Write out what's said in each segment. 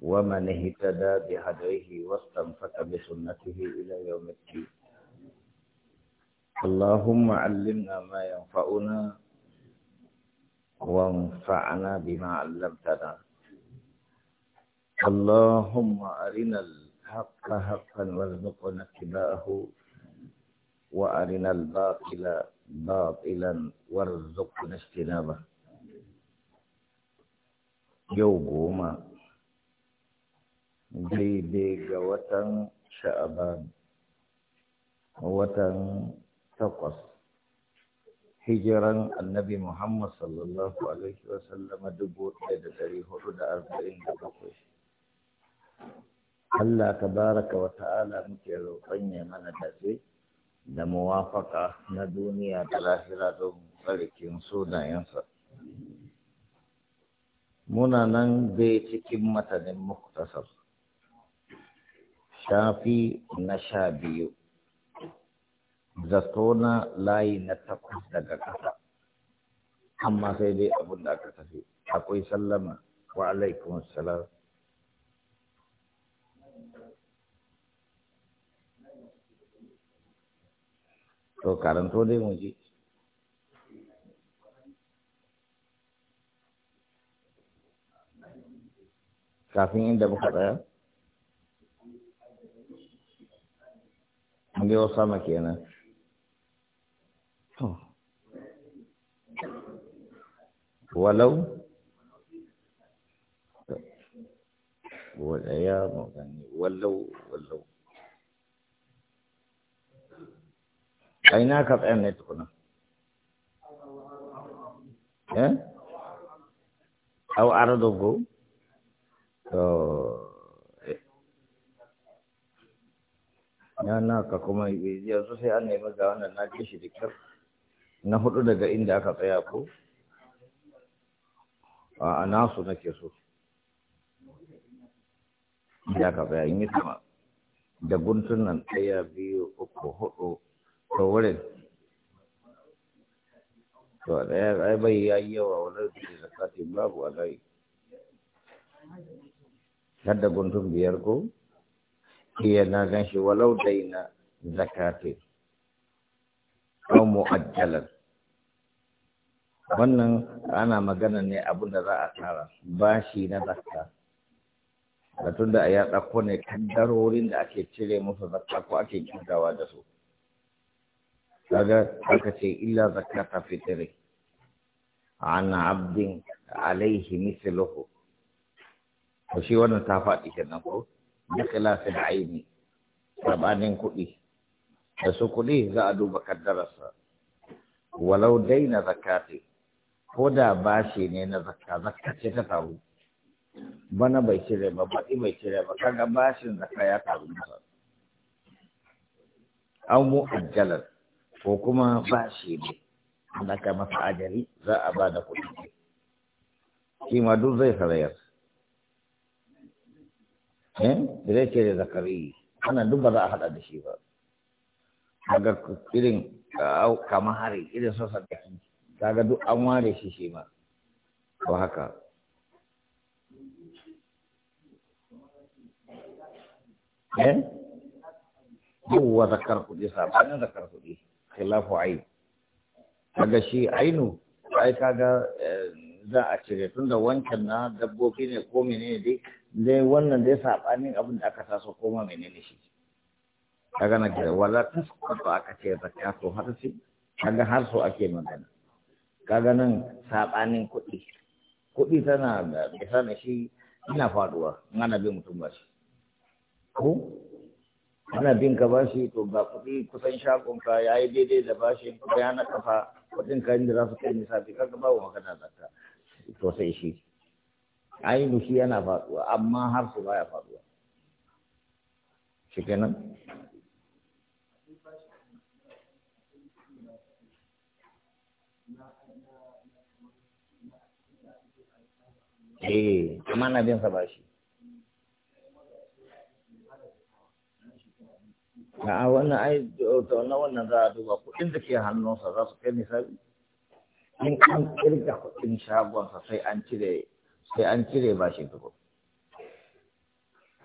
ومن اهتدى بهديه واستنفق بسنته إلى يوم الدين اللهم علمنا ما ينفعنا وانفعنا بما علمتنا اللهم أرنا الحق حقا وارزقنا اتباعه وأرنا الباطل باطلا وارزقنا اجتنابه يوم daidai ga watan sha'aban watan takwas hijiran annabi Muhammad sallallahu alaihi wasallam dubu ɗaya da ɗari hudu da arba'in da bakwai. Allah ta baraka wa ta'ala muke roƙon ya mana dace da muwafaka na duniya da lahira don tsarkin sunayensa. Muna nan dai cikin matanin muktasar. shafi na sha biyu zato na layi na takwas daga ƙasa amma sai dai abin da aka tafi akwai sallama wa alaikum salam to karanto dai mu ji kafin inda muka tsaya biyo sama kenan walau ya magani walau walau aina ka tsaya ne tukuna eh au ardugo to ya naka kuma yanzu sai an nemi ga wannan na ji shi da kyar na hudu daga inda aka tsaya ko a nasu nake so inda aka tsaya in yi sama da guntun nan ɗaya biyu uku hudu to wurin to a ɗaya ai bai ya yi yawa wani da zakati babu a layi har guntun biyar ko هي ناغنش ولو دين na أو مؤجلا wannan ana magana ne abin da za a tara bashi na zakka da tun da ya ɗauko ne kan darorin da ake cire musu zakka ko ake kirgawa da su daga aka ce illa zakata fitri an abdin alaihi misluhu to shi wannan ta faɗi kenan ko bikila khilafin aini sabanin kuɗi da su kuɗi za a duba kaddararsa walau dai na zakati ko da bashi ne na zakka zakka ce ta taru bana bai cire ba baɗi bai cire ba kaga bashin zakka ya taru masa an ajalar ko kuma bashi ne an aka masa ajali za a ba da kuɗi shi ma duk zai sarayar Eh? da zai ce da zakari ana duk ba za a haɗa da shi ba kaga irin kama hari irin so sadaki kaga duk an ware shi shi ma ko haka eh yawwa zakar kuɗi sabanin zakar kuɗi khilafu ai. kaga shi ainu ai kaga eh, za a cire tun da wancan na dabbobi ne ko menene dai dai wannan dai saɓanin abin da aka saso ko ma menene shi kaga na kira wala tasqatu aka ce so har sai kaga har so ake magana kaga nan saɓanin kuɗi kuɗi tana da misali shi ina faduwa in ana bin mutum ba shi ko ana bin ka ba shi to ga kuɗi kusan shagon ka ya yi daidai da ba shi kuma ya na kafa kuɗin ka inda za su kai misali kaga ba wa magana zakka to sai shi ainihin shi yana faɗuwa amma har su baya faɗuwa shi nan? eh amma na bin sa shi a wannan ai to na wannan za a duba kudin da ke hannunsa za su kai misali in an kirga kuɗin shagonsa sai an cire sai an cire bashi tukun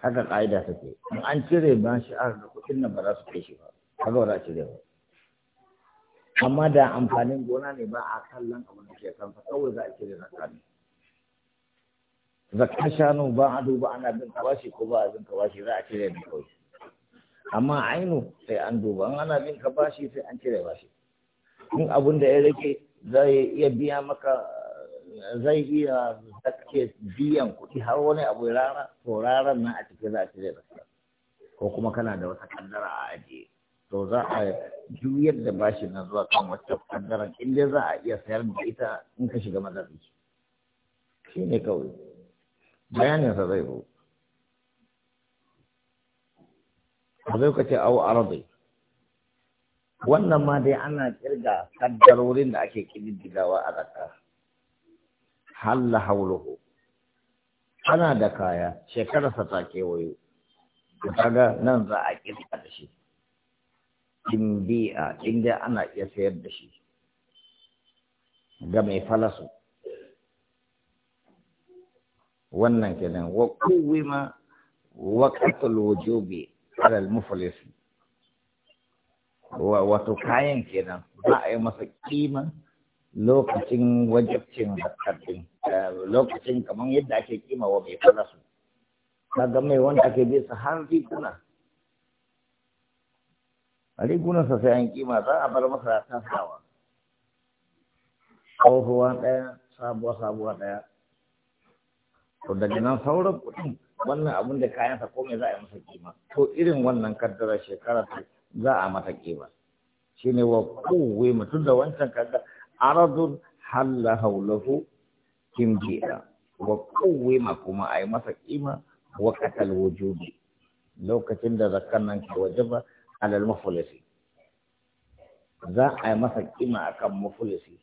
haka ƙa'ida take in an cire bashi aka ga kuɗin nan ba za su kai shi ba haka ba za a cire ba amma da amfanin gona ne ba a kallon abin da ke kansa kawai za a cire zakka ne zakka shanu ba a duba ana bin bashi ko ba a bin bashi za a cire ne kawai amma ainu sai an duba in ana bin bashi sai an cire bashi in abin da ya rage zai iya biya maka zai iya zake biyan kuɗi har wani abu rara to rara na a cikin za cire da ko kuma kana da wata kaddara a ajiye to za a juyar da bashi na zuwa kan wata kaddara in dai za a iya sayar da ita in ka shiga mazafi shi ne kawai sa zai zo a zai ka ce au arabai wannan ma dai ana kirga kaddarorin da ake kididdigawa a raka halla hauluhu ana da kaya shekararsa ta kewayo kaga nan za a kirga da shi in bi'a in dai ana iya sayar da shi ga mai falasu wannan kenan wa kuwima wa wujubi ala al-muflisi wato kayan kenan za a yi masa kima lokacin wajibcin zakatun eh, lokacin kamar yadda ake kima wa mai ta ga mai wanda ake bi su har riguna a rigunansa sai an kima za a bar masa tasawa tsohuwa ɗaya sabuwa sabuwa ɗaya to daga nan sauran kuɗin wannan abin da kayansa komai za a yi masa kima to irin wannan kaddara shekara ta za a mata kima shine wa kowai mutum da wancan kaga aradun halla haulahu kimjiya wa kowai ma kuma a yi masa kima wa katal wujubi lokacin da zakkan nan ke wajaba alal mafulisi za a yi masa kima akan mafulisi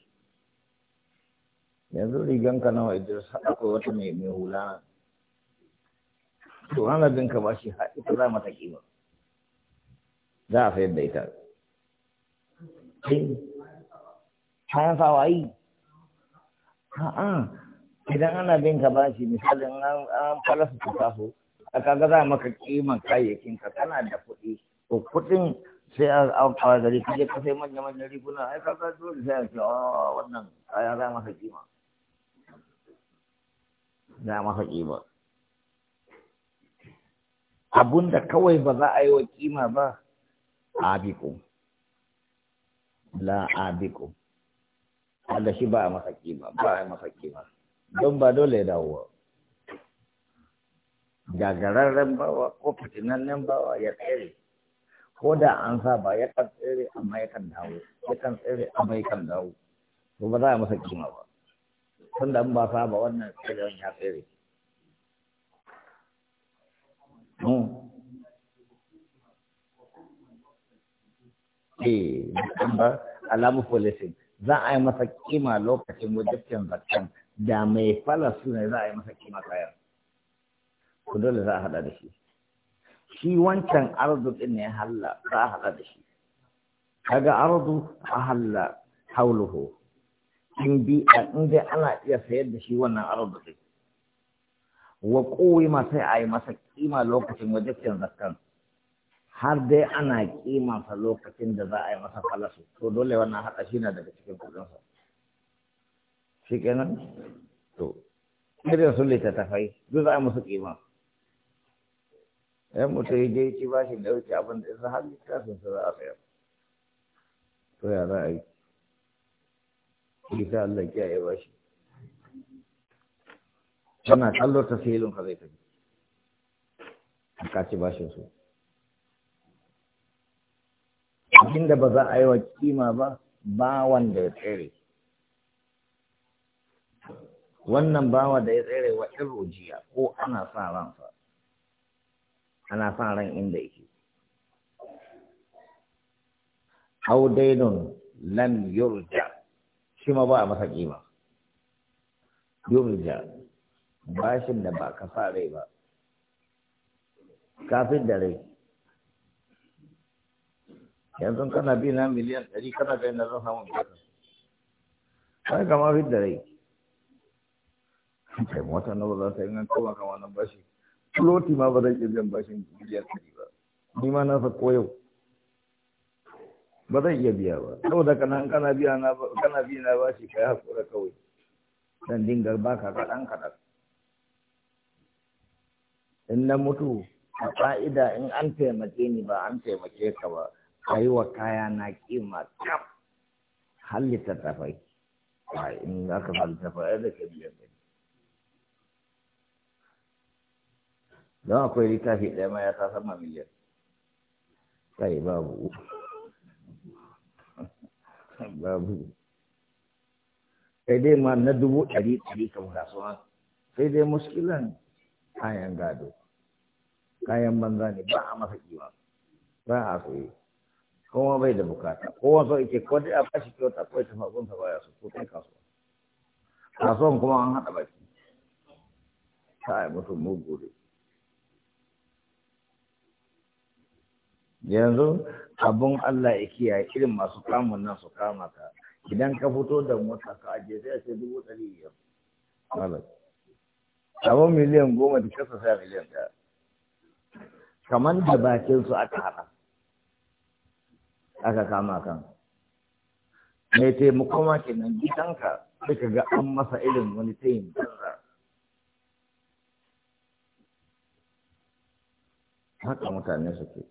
yanzu riganka nawa idris akwai wata mai hula to hana dinka ba shi ita za mata kima za a sayar da ita kayan fawayi a'a idan ana bin ka bashi misalin an falasa ta taho, a kaga za maka kiman kayayyakin ka kana da kuɗi ko kuɗin sai a aukawa gari kaje ka sai manya manyan riguna ai kaga dole sai a ce a oh, wannan kaya za maka kima za maka kima abun da kawai ba za a yi wa kima ba abiku la abiku wanda shi ba a masa kima ba a masa kima don ba dole dawowa gagararren bawa ko fitinannen bawa ya tsere ko da an sa ba ya kan tsere amma ya kan dawo ya kan tsere amma ya kan dawo ba za a masa kima ba tun da an ba sa ba wannan tsere ya tsere eh ba alamu policing za a yi masa kima lokacin wajibcin zakan da mai fala suna za a yi masa kima kayan ku dole za a hada da shi shi wancan ardu din ne halla za a hada da shi kaga ardu a halla hauluhu in bi a inda ana iya sayar da shi wannan ardu din wa ma sai a yi masa kima lokacin wajibcin zakan har dai ana kimanta lokacin da za a yi masa falasu to dole wannan haka shi na daga cikin kudinsa shi kenan to irin su littattafai duk za a musu kima yan mutum ya je ci ba shi da wuce abin da isa har littafin su za a sayar to ya za a yi ta Allah ya yi ba shi tana kallo ta filin ka zai tafi ka ci bashin su da ba za a yi wa kima ba bawan da ya tsere wannan bawa da ya tsere wa rojiya ko ana sa ransa ana sa ran inda yake au daidun lam yurja shi ma ba a masa kima yurja bashin da ba ka sa rai ba kafin da rai yanzu kana bi na miliyan ɗari kana da na zan samun biyar kai gama fit da rai kai mota na ba ta yi nan kuma kama nan bashi floti ma ba zan iya biyan bashin miliyan ɗari ba ni ma na sa ko yau ba zan iya biya ba saboda kana kana biya na kana biya na bashi kai hakura kawai dan dinga baka kaɗan kaɗan in na mutu a fa'ida in an taimake ni ba an taimake ka ba a yi wa kaya na kima kyaf har littattafai Ba in aka fa littattafai yadda ke biyan gani don akwai littafi ɗaya ma ya sa sama miliyan kai babu babu sai dai ma na dubu ɗari ɗari kam kasuwa sai dai muskilan kayan gado kayan banza ne ba a masa kiwa ba a koyi kowa bai da bukata kowa so yake ko dai a bashi kyauta ko ta faɗin sa baya su kuɗin kai kasuwa kasuwan kuma an haɗa baki kai mutum mugu ne yanzu abun Allah ya kiyaye irin masu kamun nan su kama ka idan ka fito da mota ka aje sai a ce dubu ɗari biyar malam abun miliyan goma da kasa sa miliyan ɗaya kamar da bakin su aka haɗa aka kama kan mai taimako ma nan gidanka sai ka ga an masa irin wani tayin banza haka mutane suke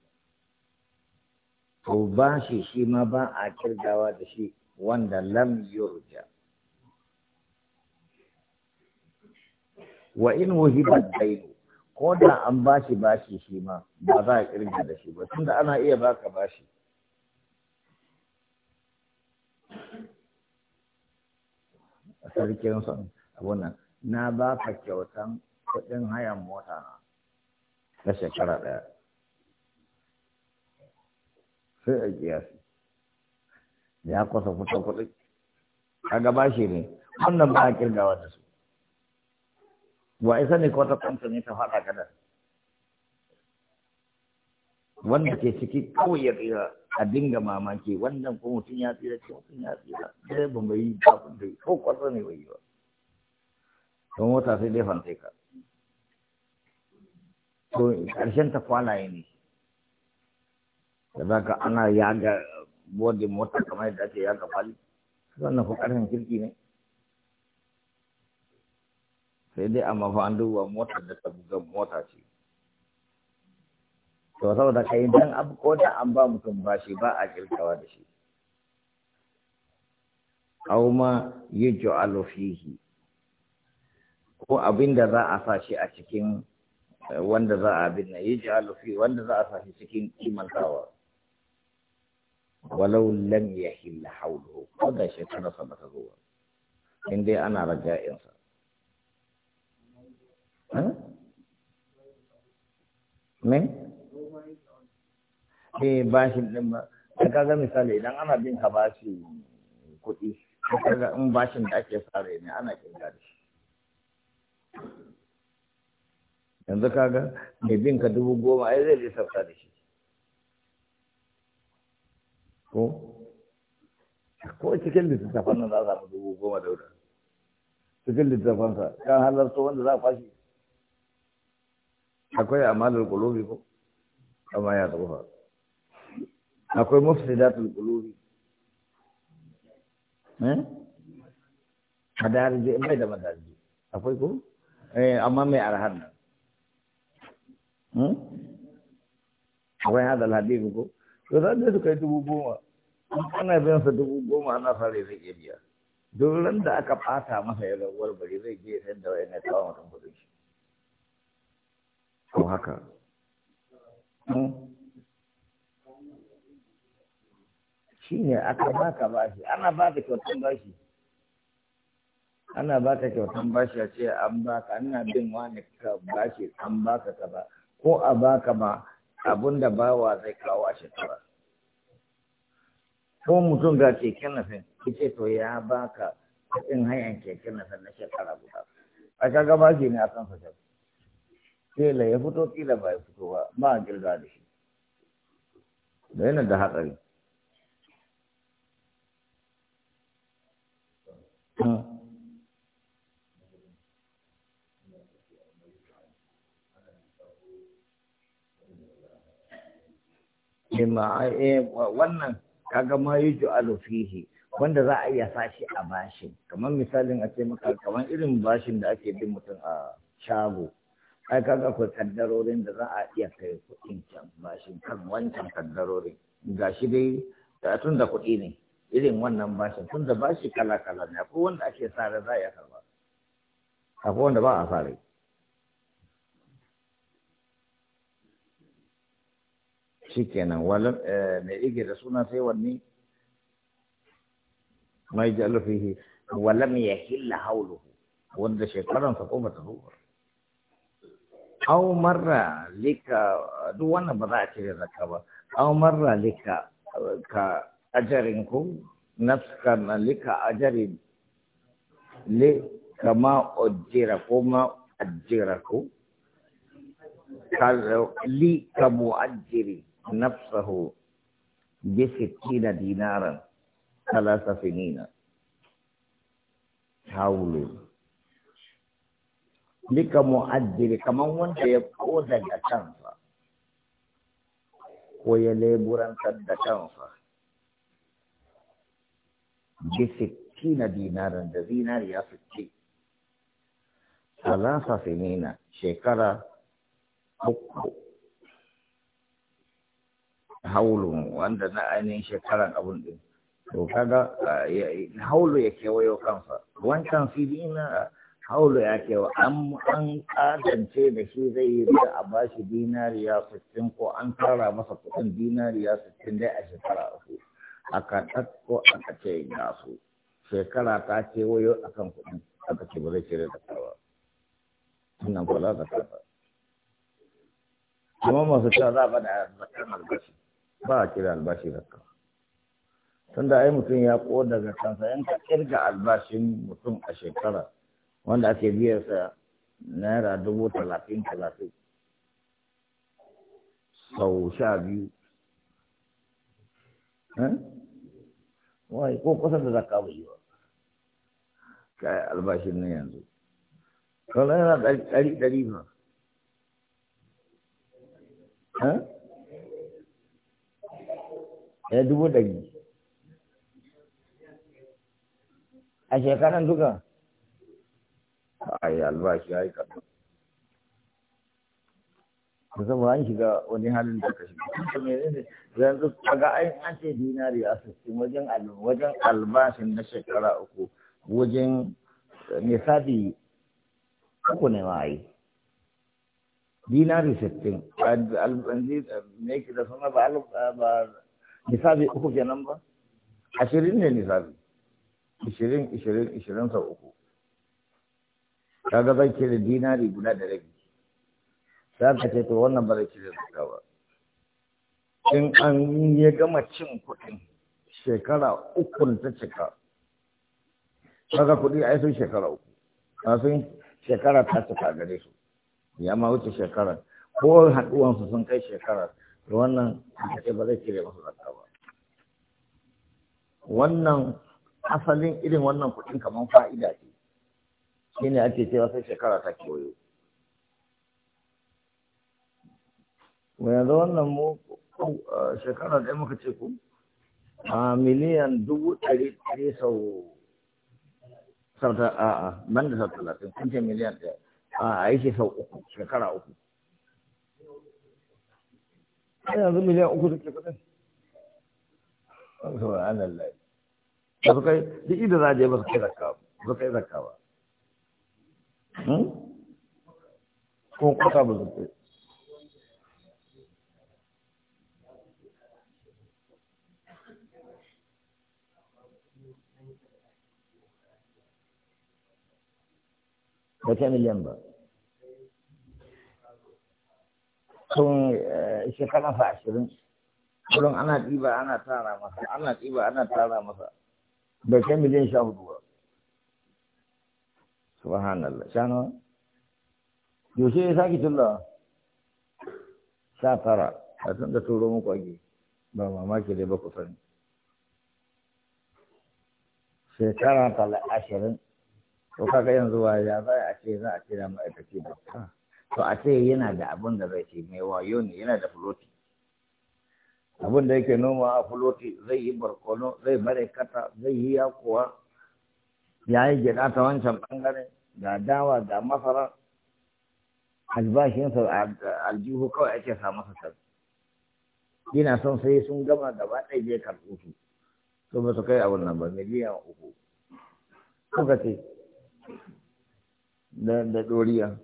to ba shi shi ma ba a kirgawa da shi wanda lam yurja wa in wuhibat dainu ko da an bashi bashi shi ma ba za a kirga da shi ba tunda ana iya baka bashi sarkin son abunan na ba ka kyautan kuɗin hayan mota na na shekara ɗaya sai a su, ya kusa fito kuɗi a gaba shi ne wannan ba a kirgawa da su wa isa ne ko ta kwanta ne ta faɗa kadar wanda ke ciki kawai ya tsira a dinga mamaki wannan ko mutum ya tsira ce mutum ya tsira sai ba mai yi ba da ko kwatsa ne bai yi ba don wata sai dai fansai ka to karshen ta kwalaye ne da za ka ana yaga bodin mota kamar yadda ake yaga fali wannan ko karshen kirki ne sai dai amma fa an duba motar da ta buga mota ce to saboda kai dan abu ko da an ba mutum shi ba a kirkawa da shi aw ma yuj'alu fihi ko abinda da za a sa shi a cikin eh, wanda za a bin na yuj'alu fi wanda za a sa shi cikin kimantawa walau lam yahil hawluhu ko da shi kana sa maka zuwa in dai ana raja'in sa me eh bashin din ba da kaga misali idan ana bin ka bashi kuɗi kaga in bashin da ake sa ne ana kirga da shi yanzu kaga mai bin ka dubu goma ai zai sauka da shi ko ko cikin littattafan nan za a samu dubu goma da wuta cikin sa kan halarta wanda za a fashi akwai amalar kulobi ko amma ya tsofa akwai mufsidatul qulubi eh madarije bai da madarije akwai ko eh amma mai arhan nan hmm akwai hada hadisi ko to zan da kai dubu goma ana biyan sa dubu goma ana fare zai iya biya dukkan da aka fata masa ya rawar bari zai je sai da wayan ya kawo mutum kudin shi ko haka hmm? shi ne aka baka bashi ana baka kyautan bashi ana baka kyautan bashi a ce an baka ana bin wani ka bashi an baka ka ba ko a baka ma abun da bawa zai kawo a shekara ko mutum ga keken nafin kike to ya baka kuɗin hayan keken nafin na shekara guda a kaga bashi ne a kan sa kila ya fito kila ba ya fito ba ba a girga da shi da yana da hatsari Eh, eh, wannan kaga ma yi ju'alu fihi wanda za a iya sashi a bashin kamar misalin a ce kamar irin bashin da ake bin mutum a shago ai kaga akwai kaddarorin da za a iya kai kuɗin can bashin kan wancan kaddarorin shi dai da tun da kuɗi ne irin wannan bashin tun da bashi kala-kala ne akwai wanda ake sare za a iya karba akwai wanda ba a sare shi kenan walam eh, mai ige da suna sai wanne mai jalu fihi walam ya hilla hauluhu wanda shekaran sa kuma ta zuwa aw marra lika duk wannan ba za a cire zakka ba aw marra lika ka ajarinku nafskan lika ajarin li kama ujira kuma ajiraku li kamu ajiri nafsahu bi sittina dinaran thalatha sinina hawlu lika mu'addiri kamar wanda ya koda da kansa ko ya leburantar da kansa bi sittina dinaran da zinariya sitti salasa sinina shekara uku haulu wanda na ainihin shekaran abun ɗin, to kaga haulu ya kewayo kansa wancan sidina haulu ya kewa an ƙadance da shi zai yi da a bashi ya sittin ko an tara masa kuɗin ya sittin dai a shekara uku aka ɗauko aka ce ga su shekara ta ce wayo a kan kuɗin aka ce ba zai shirya da kawa tunan kula da kafa kuma masu cewa za a da zakan albashi ba a kira albashi da kawa tunda ai mutum ya ko daga kansa yan ka kirga albashin mutum a shekara wanda ake biyarsa naira dubu talatin talatin sau sha biyu eh? wai ko kusa da zakka bai yi ba kai albashin ne yanzu kawai yana ɗari ɗari ba ya eh, dubu ɗari a shekaran duka ai albashi ya yi kaɗan da an shiga wani halin da ka shiga yanzu kaga ai an ce dinari a sassin wajen wajen albashin na shekara uku wajen eh, nisabi uku ne ma dinari sittin ne ki da suna ba nisabi uku kenan ba ashirin ne nisabi ishirin ishirin ishirin sau uku kaga zai da dinari guda da rabi za ka ce to wannan ba zai cire da ba in an ya gama cin kuɗin shekara ukun ta cika kaga kuɗi a sun shekara uku sun shekara ta cika gare su ya ma wuce shekara ko haɗuwansu sun kai shekara da wannan kaɗai ba zai cire masu zakka ba wannan asalin irin wannan kuɗin kamar fa'ida ce shi ne ake cewa sai shekara ta kewayo yanzu wannan mu ko shekara ɗaya muka ce ku a miliyan dubu ɗari ɗari sau sau ta a a ban da sau talatin kun ce miliyan ɗaya a a yake sau uku shekara uku a yanzu miliyan uku da ke kudin subhanan lai da su kai duk inda za a je ba su kai zakka ba su kai zakka ba hmm? ko kwata ba su kai بكم اللي ينبع سوني شيخ انا فاشرين قولون انا تيبا انا تارا مسا انا تيبا انا تارا مسا بكم اللي ينشاه دوا سبحان الله شانو يوشي يساكي تلا ساترا أتمنى تقولوا مقاعي بابا ما كده بكو فرن شكرا طلع عشرين to kaga yanzu wa ya za a ce za a ce da ma'aikaci to a ce yana da abin da zai ce mai wayo ne yana da floti abun da yake noma a floti zai yi barkono zai bare kata zai yi yakuwa ya yi gida ta wancan bangare ga dawa ga masara albashinsa aljihu kawai ake sa masa yana son sai sun gama gaba ɗaya je karɓo su to ba su kai abin nan ba miliyan uku kuka ce da da doriya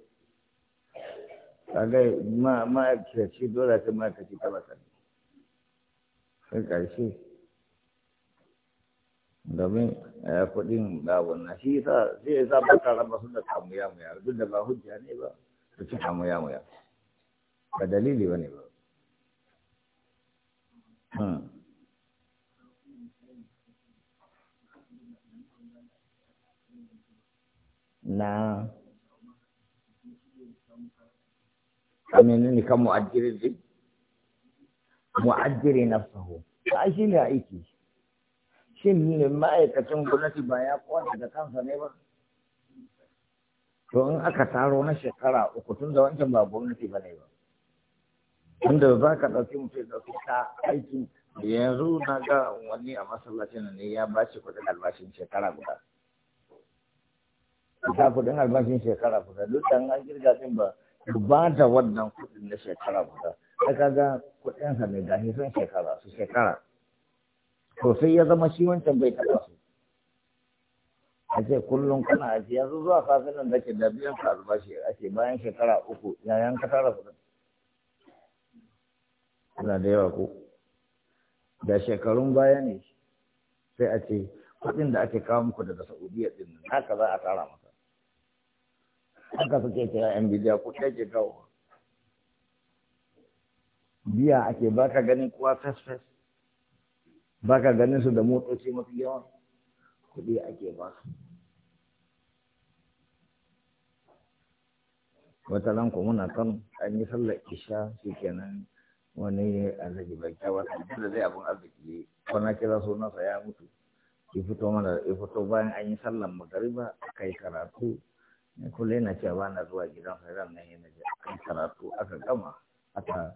kaga ma ma ce dole sai ma kace ta basa sai karshe domin eh, kuɗin ba wannan shi yasa sai yasa ba ka raba su da kamuya muya duk da ba hujja ne ba su ci kamuya muya ba dalili ne ba na amini ne kan mu'ajjiri ne na nafsahu ta shi ne aiki shin ne ma'aikacin gwamnati ba ya kwanta da kansa ne ba to in aka taro na shekara uku tun da wancan ba gwamnati ba ne ba tunda za ka ɗauki mutum da ta aiki yanzu na ga wani a masallacin ne ya ba shi albashin shekara guda ta kuɗin albashin shekara guda duk da an kirga din ba ku ba da wannan kuɗin na shekara guda ta ga kuɗin sa ne gashi sun shekara su shekara to sai ya zama shi wancan bai taɓa su a ce kullum kana aji yanzu zuwa kafin nan da ke da biyan ka albashi a ce bayan shekara uku yayan ka tara kuɗin suna da yawa ko da shekarun baya ne sai a ce kuɗin da ake kawo muku daga saudiya ɗin nan haka za a tara maka haka suke cewa yan bidiya ku ke kawo biya ake baka ganin kuwa fesfes baka ganin su da motoci mafi yawa kuɗi ake ba su wata nan ku muna kan an yi sallar isha shi kenan wani alhaji bai kyawa da zai abin arziki kwana kira sunansa ya mutu ya fito mana ya fito bayan an yi sallar magariba kai karatu ne kullum yana cewa ba na zuwa gidan ran nan yana ji an karatu aka gama aka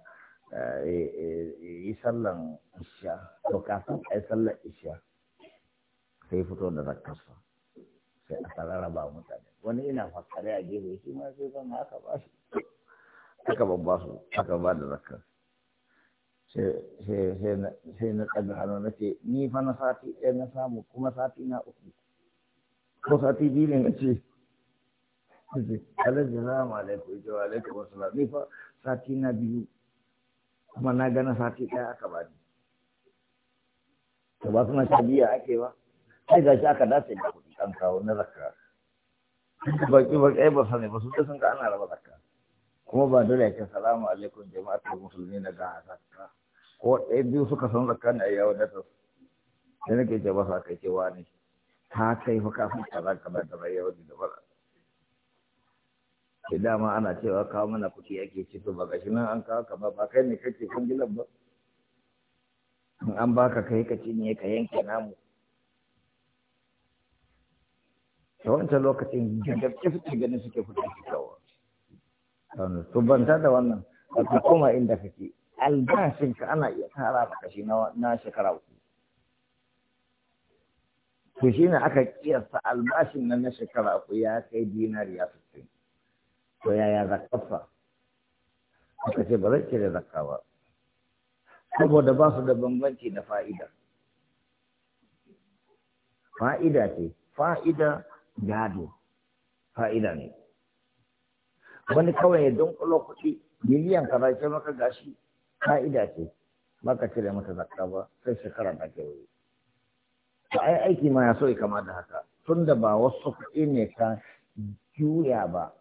eh, eh, yi sallan isha to kafin a yi sallan isha sai fito da zakarsa sai aka rarraba mutane wani ina fakare a gefe shi ma sai zama aka ba shi aka babba su aka ba da zakar sai na tsaga hannu na ce ni fa na sati ɗaya na samu kuma sati na uku ko sati biyu ne na ce alhaji salamu alaikum ita wa alaikum wasalam ni fa sati na biyu kuma na gana sati ɗaya aka ba ni. to ba suna tabiya ake ba sai gashi aka dace da kuɗi an kawo na zakka baki baki ai ba sani ba su ta sun ka ana raba zakka kuma ba dole ya ce salamu alaikum jama'atul musulmi na ga zakka ko ɗaya biyu suka san zakka ne a yawon da ta sai nake ce ba sa kai ce wani, ta kai fa kafin kaza kaza kaza yawon da fara da dama ana cewa kawo mana kuɗi ake ci to ba gashi nan an kawo ka ba ba kai ne kake kwangilan ba in an baka kai ka ci ne ka yanke namu a wancan lokacin gaske suke ganin suke fita su kawo to ta da wannan ka koma inda kake albashin ka ana iya kara ka shi na shekara uku to shi ne aka kiyasta albashin nan na shekara uku ya kai dinariya sittin to yaya zakarsa aka ce ba zai cire zakka ba saboda ba su da bambanci da fa'ida fa'ida ce fa'ida gado fa'ida ne wani kawai ya kula kuɗi miliyan kaza ce maka gashi fa'ida ce ka cire mata zakka ba sai shekara ke wuri ta ai aiki ma ya so ya kama da haka tun da ba wasu kuɗi ne ka juya ba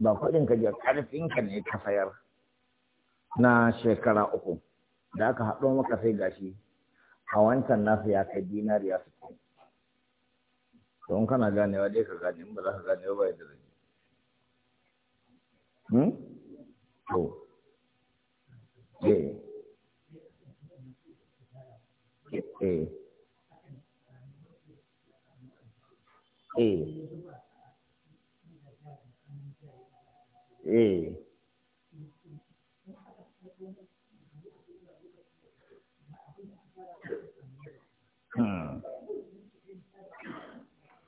ba kuɗin ka je karfin ka ne ka sayar na shekara uku da aka haɗo maka sai gashi a wancan nasu ya kai dinariya sittin to in kana ganewa dai ka gane in ba za ka gane ba yadda da zai hmm? to eh eh eh eh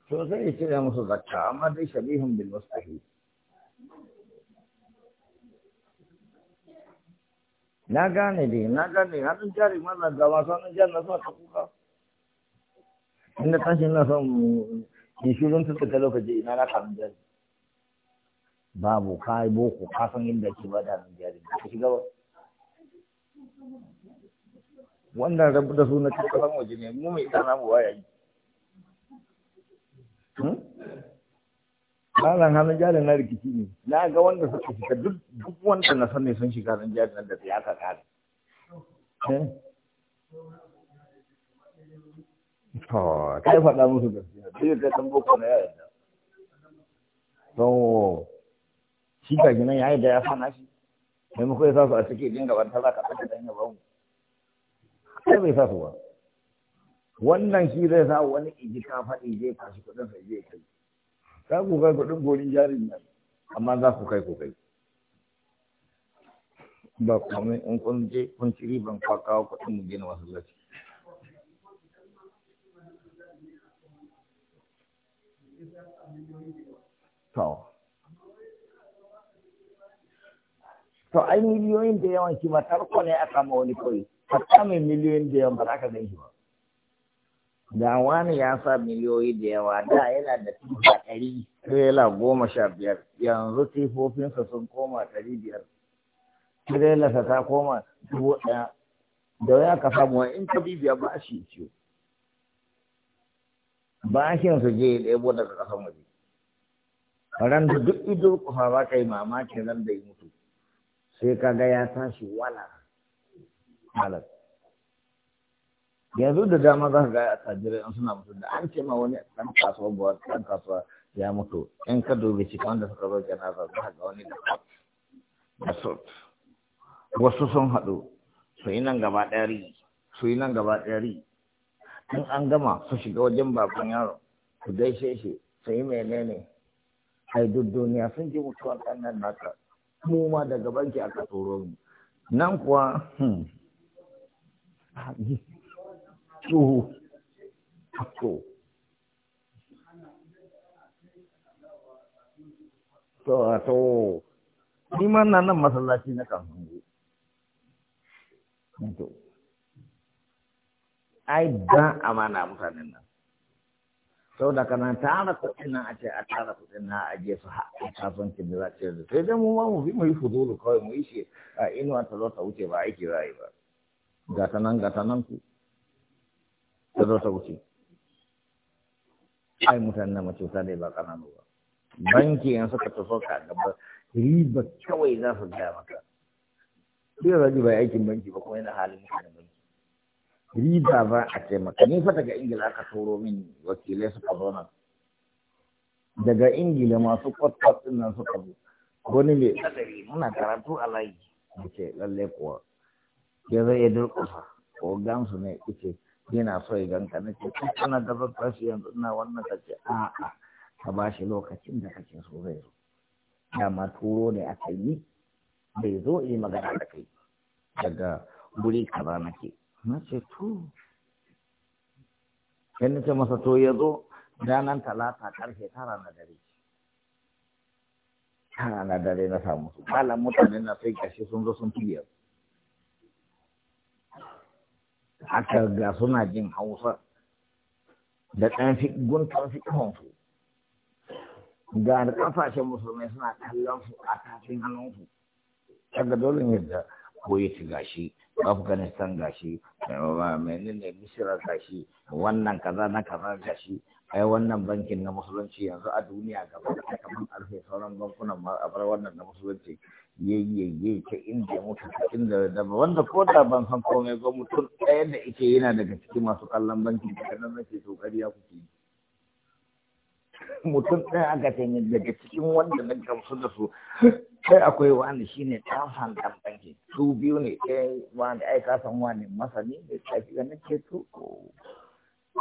to sai ce ya musu zakka amma dai shabihun bil mustahil na gane dai na gane na hannun jari mana ga wasan nan jan na sa ta kuka inda tashin na son in shirin ta lokaci ina na kan jari babu kai boko ka san inda ke ba da jari ka shiga ba wannan rabu da suna cikin kasan waje ne mu mai tsana mu waya yi hmm? Malam hannun jari na rikici ne, na ga wanda suka shiga duk wanda na sani sun shiga nan jari nan da ya ka kare. Eh? To, kai faɗa musu gaskiya, duk da kan boko na yaya. To, shi ka gina ya yi da ya fana shi sai muka yasa su a cikin din gaban ta za ka tsaka da yin babu sai bai sa su ba wannan shi zai sa wani iji ka faɗi zai fashi kuɗin sai zai kai za ku kai kuɗin gonin jari nan amma za ku kai ku kai ba kuma in kun je kun ci riban kwa kawo kuɗin mu gina wasu zaci to to ai miliyoyin da yawan shi tarko ne aka ma wani koyi hatta mai miliyoyin da yawan ba za ka gan shi ba da wani ya sa miliyoyi da yawa da yana da tifa ɗari trela goma sha biyar yanzu tifofinsa sun koma ɗari biyar sa ta koma dubu ɗaya da wani aka samu in ka bibiya ba shi ciwo bashin su je ɗebo daga ƙasan waje ran da duk idan kuma ba ka yi mamakin ran da yi mutu sai kaga ya tashi wala halar yanzu da dama za ka ga a tajirai an suna mutu da an ce ma wani ɗan kasuwa ba ɗan kasuwa ya mutu in ka dubi cikin wanda suka zo janaza za ka ga wani da wasu sun haɗu su yi nan gaba ɗaya ri su yi nan gaba ɗaya ri in an gama su shiga wajen bakon yaro su gaishe shi su yi menene ai duk duniya sun ji mutuwar ɗan nan naka mu ma daga banki aka turo mu nan kuwa hmm. to to ni ma na nan masallaci na kan hango ai dan amana mutanen nan sau da kana tara kuɗin nan a ce a tara kuɗin nan a je su haɗa kasuwancin da za ta yanzu sai dai mu ma mu fi mu yi fuzulu kawai mu yi shi a inuwa ta zo ta wuce ba aiki za a yi ba gata nan gata nan ku ta zo ta wuce ai mutane na ta ne ba ƙananu ba banki yan suka so ka gaba riba kawai za su gaya maka. Bai zaji bai aikin banki ba kuma yana halin mutane banki. riba ba a taimaka. ni fa daga ingila aka turo min wakilai suka zo nan daga ingila masu kwatsat din nan suka zo wani mai tsadari muna karatu a layi ce lalle kuwa ya zai ya durƙusa. ko gansu ne ice yana so ya ganka na ce Kuna kana da yanzu ina wannan ka ce a'a ka ba shi lokacin da kake so zai zo dama turo ne aka yi bai zo yi magana da kai daga wuri kaza nake na ce to sai ce masa to ya zo ranar talata karfe tara na dare tara na dare na samu su malam mutane na sai gashi sun zo sun fiye Aka ga suna jin hausa da ƙanfi guntar fi su ga ƙasashen musulmai suna kallon su a tafin hannunsu kaga dole ne da koyi shiga shi afghanistan gashi menene misira gashi wannan kaza na kaza gashi ai wannan bankin na musulunci yanzu a duniya gaba da kamar arfe sauran bankunan ma a bar wannan na musulunci yayyayye ta inda mutu ta inda da wanda ko da ban san komai ba mutum ɗaya da yake yana daga ciki masu kallon bankin da nan nake kokari ya kuke yi mutum ɗaya aka ce daga cikin wanda na gamsu da su sai akwai wani shi ne ɗan sandan banki su biyu ne ɗaya eh, wani ai ka san wani masani ne fi ganin ce to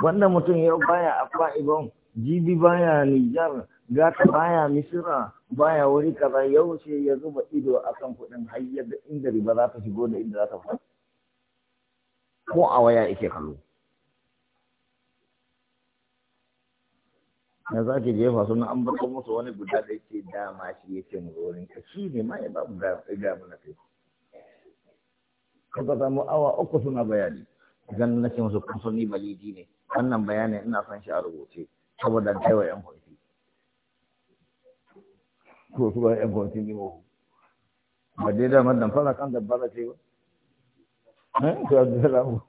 wannan mutum yau baya akwa ibon jibi baya nijar gata baya misira baya wuri kaza yau ce ya zuba ido a kan kuɗin har yadda inda riba za ta shigo da inda za ta fita ko a waya yake kallo na za je jefa na an bar musu wani guda da yake dama shi yake mu wurin ka shi ne ma ya ba mu ga mu na kai kuka samu awa uku suna bayani idan na ce musu kun san ni balidi ne wannan bayanin ina son shi a rubuce saboda kai wa yan kwanci ko su ba yan kwanci ne mu ba dai da madan fara kan da ce ba eh to da ramu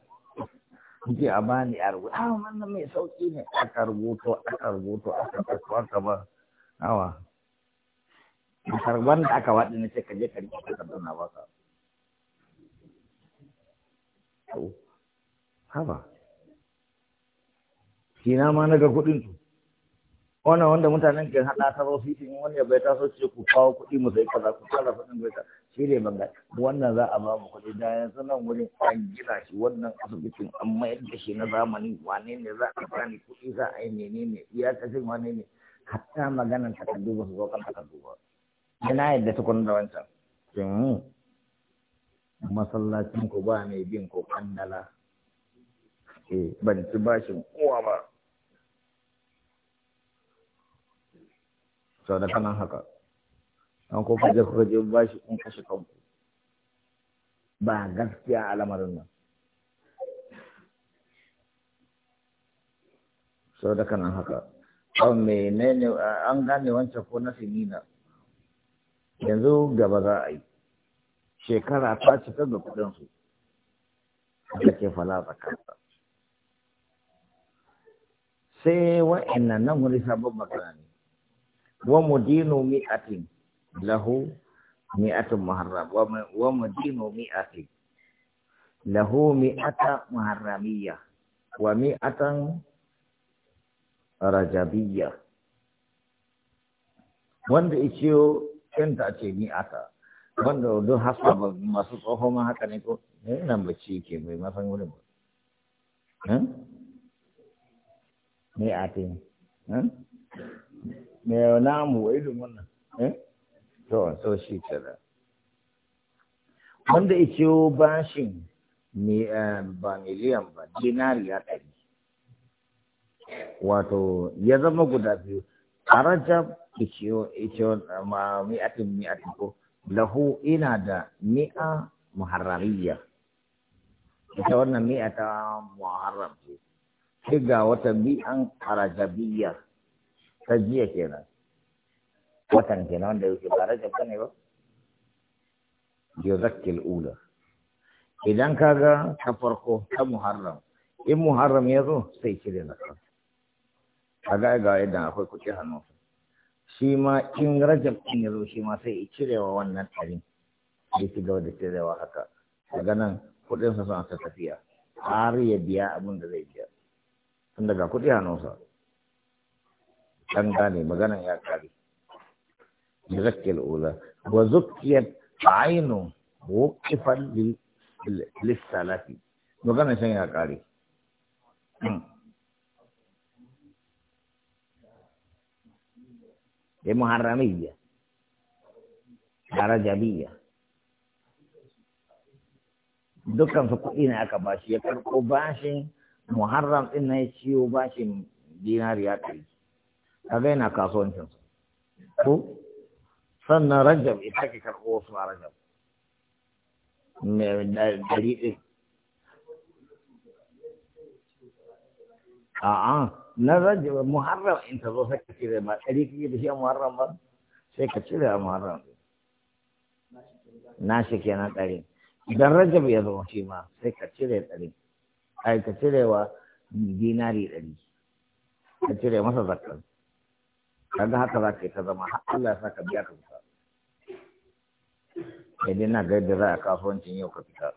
je a bani a rubuta a ah, wannan mai sauki ne aka rubuto aka rubuto aka ɗauko aka ba awa karban da aka waɗi na ce ka je ka riƙe takardar na baka to haba shi na ma na ga kuɗin su wannan wanda mutanen ke haɗa ta zo fitin wani ya bai taso ce ku kawo kuɗi mu sai kaza ku kara kuɗin bai shi ne banga wannan za a ba mu kuɗi da yan sanan wurin an gina shi wannan asibitin an mayar da shi na zamani wane ne za a bani kuɗi za a yi menene iya kafin wane ne hatta maganan takardu ba su zo kan takardu ba yana yadda kun da wancan masallacin ku ba mai bin ko kandala eh ban ci bashin uwa ba sau da kanan haka an ko kaje kuka je ba shi kashe kanku ba gaskiya a lamarin nan so da kanan haka an menene an gane wancan ko na sinina yanzu gaba za a yi shekara ta cika ga su. da ke fala tsakanta sai wa'annan nan wani sabon magana ne wa mudinu mi'atin له مئة محرم ومدين مئة له مئة محرمية ومئة رجبية wanda ikiyo kenta ce mi'ata wanda don hasa ba masu tsoho ma haka ne ko ne eh, ina ke mai masan wurin ba mi'atin ne na mu to to shi kenan wanda ya ciwo bashin eh, ba miliyan ba dinariya ɗari wato ya zama guda biyu a rajab ya ciwo mi'atin mi'atin ko lahu ina da mi'a muharrariya ita wannan mi'a ta muharram ce ga wata mi'an arajabiya ta jiya kenan watan kenan wanda yake ba rajab ne ba yuzakkil ula idan kaga ta farko ta muharram in muharram ya zo sai cire ka kaga ga idan akwai kuce hannu shi ma in rajab din ya zo shi ma sai ya cirewa wannan tarin ya ci gaba da cirewa haka daga nan kuɗinsa sun ta tafiya har ya biya abin da zai biya tun daga kuɗi hannunsa dan gane maganan ya kare الركة الأولى وذكيت عينه وقفا للصلاة نغنى شيء يا قاري دي محرمية درجبية دكان فقوين أكباشي يكون قباشي محرم إن يشيو باشي دينار يأكل أغينا كاسون شمس فن رجب يحكي كرقوص مع رجب إيه؟ آه آه نرجع محرم انت ذو سكت كده ما حليك يجي بشيء محرم بل سكت كده محرم ناشك يانا تاري درجة بيضو شيء ما سكت كده تاري اي كتره و ديناري تاري كتره ما تذكر kaga haka za ka yi ta zama har Allah ya sa ka biya ka fita sai dai na ga yadda za a kasuwancin yau ka fita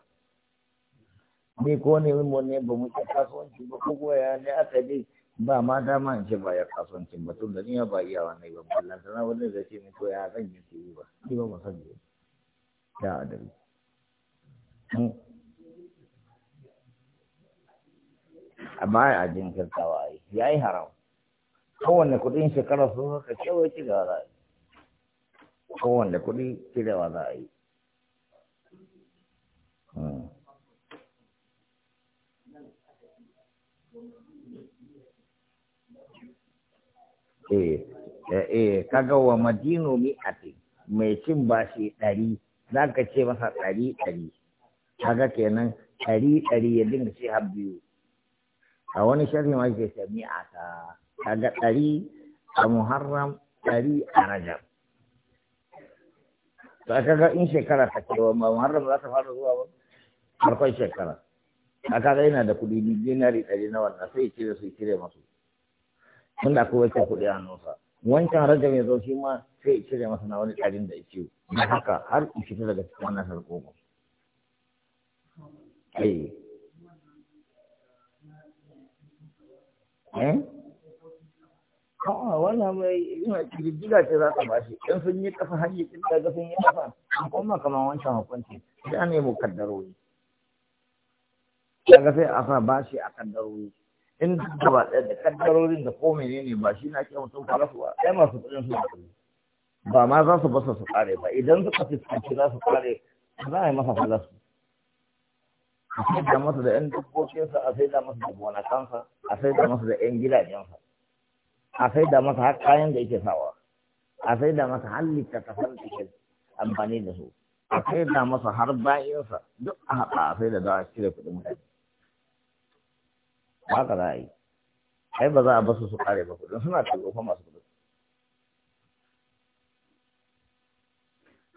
ni ko ne mu ne ba mu ci kasuwanci ba ko kuwa ya ne aka dai ba ma dama in ce ba ya kasuwancin ba tun da ni ba iya wannan ba ballan sana wani da ce ni to ya zan yi ce ba ni ba mu san da adabi hmm. a baya ajin kirkawa yayi ya yi haram kowanne kuɗin shekara su haka kewaye ci da za a yi kowanne kuɗi cirewa za a yi hmm. eh eh, eh kaga wa madino mi ati mai cin bashi ɗari za ka ce masa ɗari ɗari kaga kenan ɗari ɗari ya dinga ce har biyu a wani sharhi ma ke ce mi'ata kaga ɗari a muharram ɗari a rajab to aka ga in shekara ta kewa ba muharram za ta fara zuwa ba farkon shekara aka ga yana da kuɗi dinari ɗari na wannan sai cire su cire masu tun da akwai wancan kuɗi a nufa. wancan rajab ya zo shi ma sai cire masa na wani ɗarin da ya na haka har in fita daga cikin wannan sarƙoƙo Eh? eh? A'a wannan mai yana girgiga ce za ta bashi in sun yi kafa hanyar kin daga sun yi kafa an kuma kamar wancan hukunci sai an yi mukaddarori. Daga sai a sa bashi a kaddarori. In duk gaba ɗaya da kaddarorin da ko ne ba shi na kyan mutum fara su ba ai masu kuɗin su ba ma za su basa su ƙare ba idan suka fuskanci za su ƙare, za a yi masa falasu. A sai da masa da 'yan dabbokinsa a sai da masa da gonakansa a sai da masa da 'yan gidajensa. a sai da masa har kayan da yake sawa a sai da masa har littattafan da yake amfani da su a sai da masa har bayansa duk a haɗa a sai da za a cire kuɗin mutane ka za a yi ai ba za a basu su kare ba kuɗin suna tallafa masu kuɗin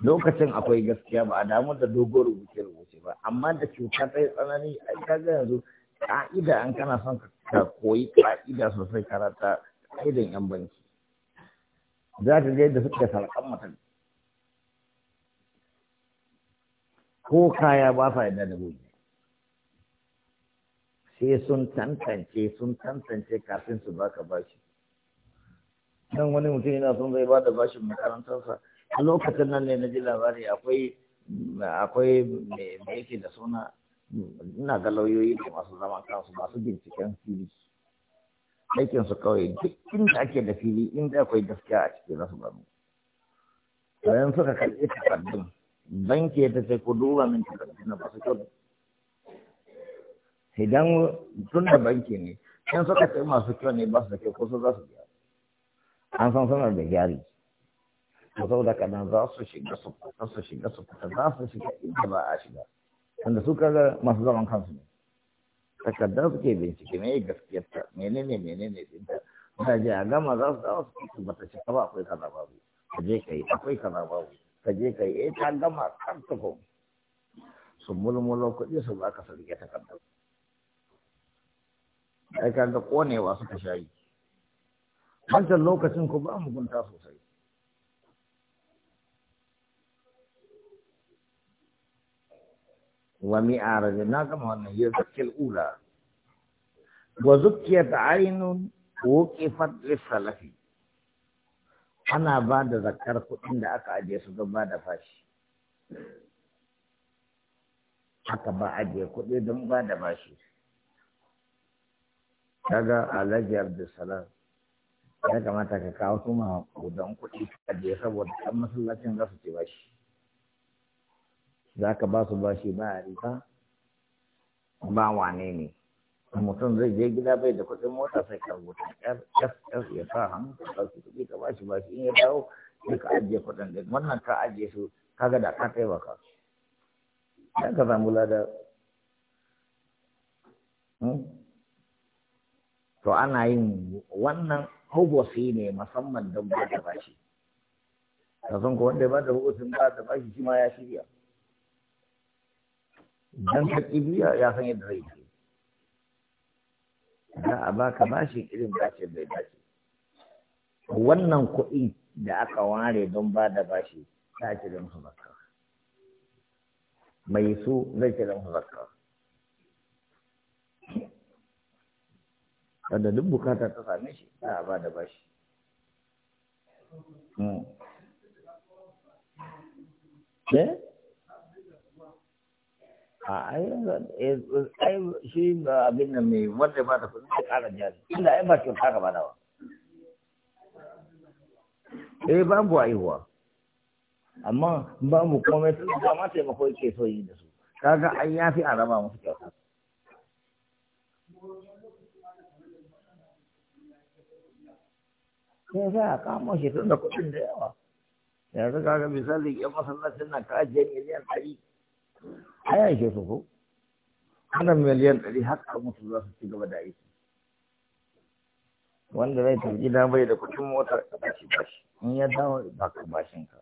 lokacin akwai gaskiya ba a damu da dogon rubuce-rubuce ba amma da cuta ta tsanani a kaga yanzu ka'ida an kana son ka koyi ka'ida sosai karanta. kaidan yan banki za ta je da suka sarkan mutum ko kaya ba yadda da gobe sai sun tantance sun tantance kafin su baka bashi Nan wani mutum yana son zai bada bashin makarantarsa a lokacin nan ne na ji labari akwai akwai me yake da suna ina ga lauyoyi da masu zaman kansu masu binciken fili aikin su kawai duk inda ake da fili inda akwai gaskiya a ciki za su mu bayan suka karɓi takardun banki ta sai ku duba min takardun na basu kyau idan tun da banki ne in suka ce masu kyau ne ba su da kyau ko su za su gyara an san sanar da gyari to da kadan za su shiga su fita su shiga su fita za su shiga inda ba a shiga wanda su kaga masu zaman kansu ne takardar suke bincike me gaskiyar ta menene menene dinta ta je a gama za su dawo su ta cika ba akwai kaza babu ka je kai akwai kaza babu ka je kai eh ta gama kar ta ko su mulmulo kuɗi su ba ka sarki takardar ai kaga konewa suka shayi wancan lokacin ku ba mugunta sosai wa mi'a na gama wannan yuzakkil ula wa zukkiyat aynun wuqifat salafi ana ba da zakar kuɗin da aka ajiye su don ba da fashi haka ba ajiye kuɗi don ba da bashi Daga alhaji abdulsalam ya kamata ka kawo su ma kudan ajiye saboda kan masallacin za su ce bashi za ka ba su bashi ba a riba ba wane ne mutum zai je gida bai da kuɗin mota sai ka rubuta ff ya sa hannu ka ɗauki kuɗi ka bashi bashi in ya dawo sai ka ajiye kuɗin ɗin wannan ka ajiye su ga da ka taimaka dan ka samu lada hmm? to ana yin wannan hugosi ne musamman don ba da bashi ka san ko wanda ya ba da hubusin ba da bashi shi ma ya shirya dan ka biya ya san yadda zai yi za a baka bashi irin bashi bai bashi. wannan kuɗi da aka ware don ba da bashi ta ce don su zakka mai su zai ce don su zakka wanda duk bukata ta same shi za a ba da bashi Yeah? Hmm. a eh, ai shi ba abin da mai wanda ba ta kudin ta kara jari inda ai ba kyauta ka bada ba eh ba mu aihuwa amma ba mu komai tun da ma taimako yake so yi da su kaga ai ya fi a musu kyauta sai za a kama shi tun da kudin da yawa yanzu kaga misali yan masallacin na kajiya miliyan ɗari ya ke su ko miliyan ɗari haka mutu za su ci gaba da aiki wanda zai tafi gida bai da kucin mota ka bashi bashi in ya dawo ba ka bashin ka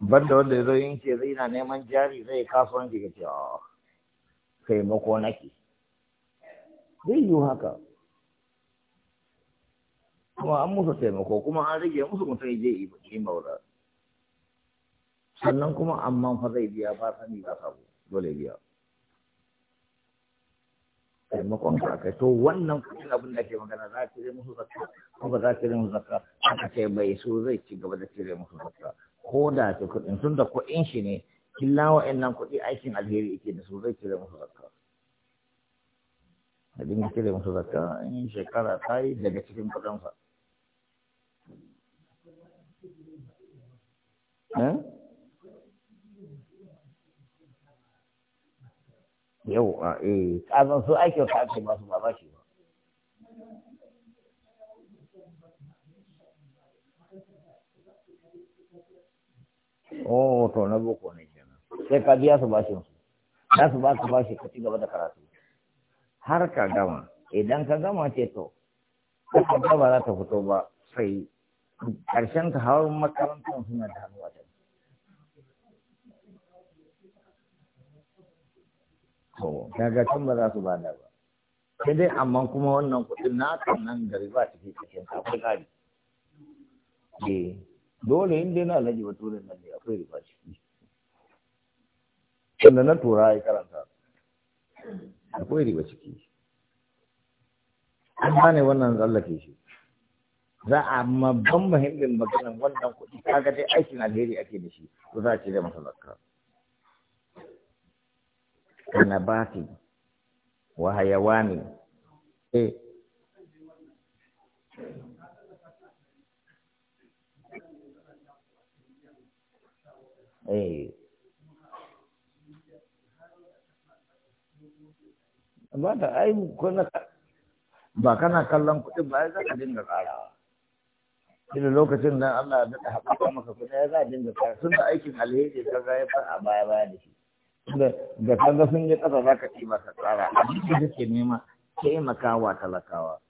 banda wanda ya zo yin ce zai na neman jari zai kasuwanci ka ce a ah, kai mako nake zai yiwu haka kuma an musu taimako kuma an rage musu mutum je yi maura sannan kuma amma fa zai biya ba sani ba sabu dole biya taimakon ka kai to wannan kudin abin da ke magana za a cire musu zakka ko za a cire musu zakka aka ce bai so zai ci gaba da cire musu zakka ko da ce kudin tun da kuɗin shi ne killa wa'annan kuɗi aikin alheri yake da su zai cire musu zakka a dinga cire musu zakka in shekara ta daga cikin kuɗinsa. Eh? yau a eh kazan su aikin ka ake ba su ba ba shi ba oh to na boko ne kenan sai ka biya su bashin su za su ba ka bashi ka ci gaba da karatu har ka gama idan ka gama ce to ka ba za ta fito ba sai karshen ka hawar makarantar suna da hannu a to kaga can ba za su da ba sai dai amma kuma wannan kudin na nan gari ba ciki cikin akwai ƙari eh dole in dai na alhaji ba turin nan ne akwai riba ciki sannan na tura ya karanta akwai riba ciki an ne wannan tsallake shi za a mabban muhimmin maganin wannan kuɗi kaga dai aikin alheri ake da shi ko za a ce da masalaka kanabati wa hayawani eh ba da ai kuna ba kana kallon kuɗi ba za ka dinga ƙarawa ina lokacin nan Allah ya daɗa haɓaka maka kuɗi ya za dinga ƙara sun da aikin alheri ka ga ya fara a baya baya da shi da kaga sun yi ƙasa za ka ɗi masa tsara tsara abin da kake nema taimakawa talakawa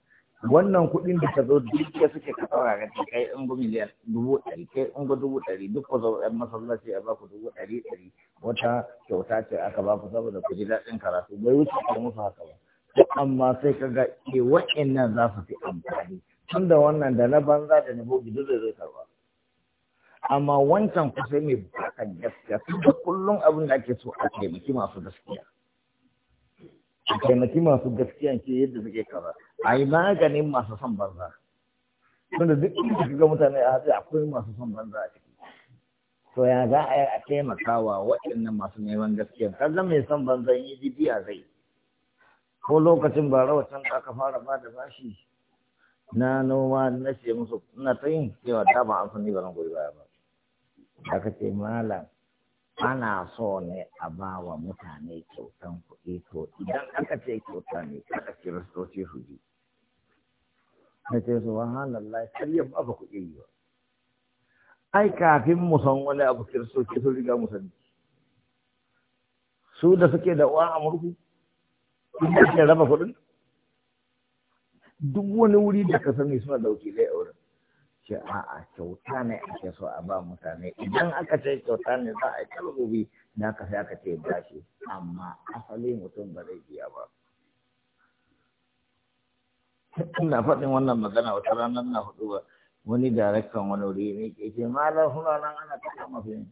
wannan kuɗin da ka zo duk da suke ka tsara ga ta kai ungu miliyan dubu ɗari kai ungu dubu ɗari duk ku zo ɗan masallaci a baku dubu ɗari ɗari wata kyauta ce aka baku saboda ku ji daɗin karatu bai wuce ka musu haka ba amma sai ka ga ke eh, nan za su fi amfani tun da wannan da na banza da na bogi duk zai karba amma wancan kusa mai baka gaskiya da kullum abin da ake so a taimaki masu gaskiya a taimaki masu gaskiya ce yadda suke kaza a yi maganin masu son banza tunda duk inda ga mutane a hatsi akwai masu son banza a ciki to ya za a yi a taimakawa waɗannan masu neman gaskiya kaga mai son banza yi jibiya zai ko lokacin bara wacan aka fara ba da bashi na noma na ce musu ina ta yin cewa ba an san ni ba nan goyi baya ba aka ce malam ana so ne a ba wa mutane kyautan kuɗi to idan aka ce kyauta ne aka kiristoci su ji na ce su wahalallah sai yamma ba ku iya yi ba ai kafin mu san wani abu kiristoci sun riga mu su da suke da uwa a murku inda ke raba kuɗin duk wani wuri da ka sani suna da wakilai a wurin ce a'a kyauta ne ake so a ba mutane idan aka ce kyauta ne za a yi kalgobi na ka sai aka ce gashi amma asali mutum ba zai biya ba ina faɗin wannan magana wata ranar na hudu ba wani daraktan wani wuri ne ke ce malar suna nan ana ta mafi fi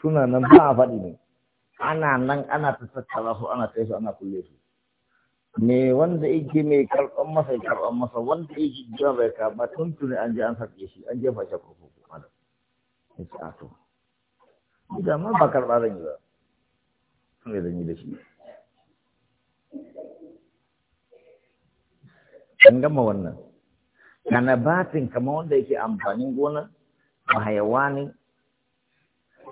suna nan ba a faɗi ne ana nan ana ta tattara su ana kai su ana kulle su me wanda yake mai karɓar masa ya karɓar masa wanda yake jiwa bai karɓa tun tuni an je an sarƙe shi an jefa shi kurkuku malam ya ce ato da ma ba karɓa zan yi ba yi zan yi da shi an gama wannan kana batin kama wanda yake amfanin gona a hayawani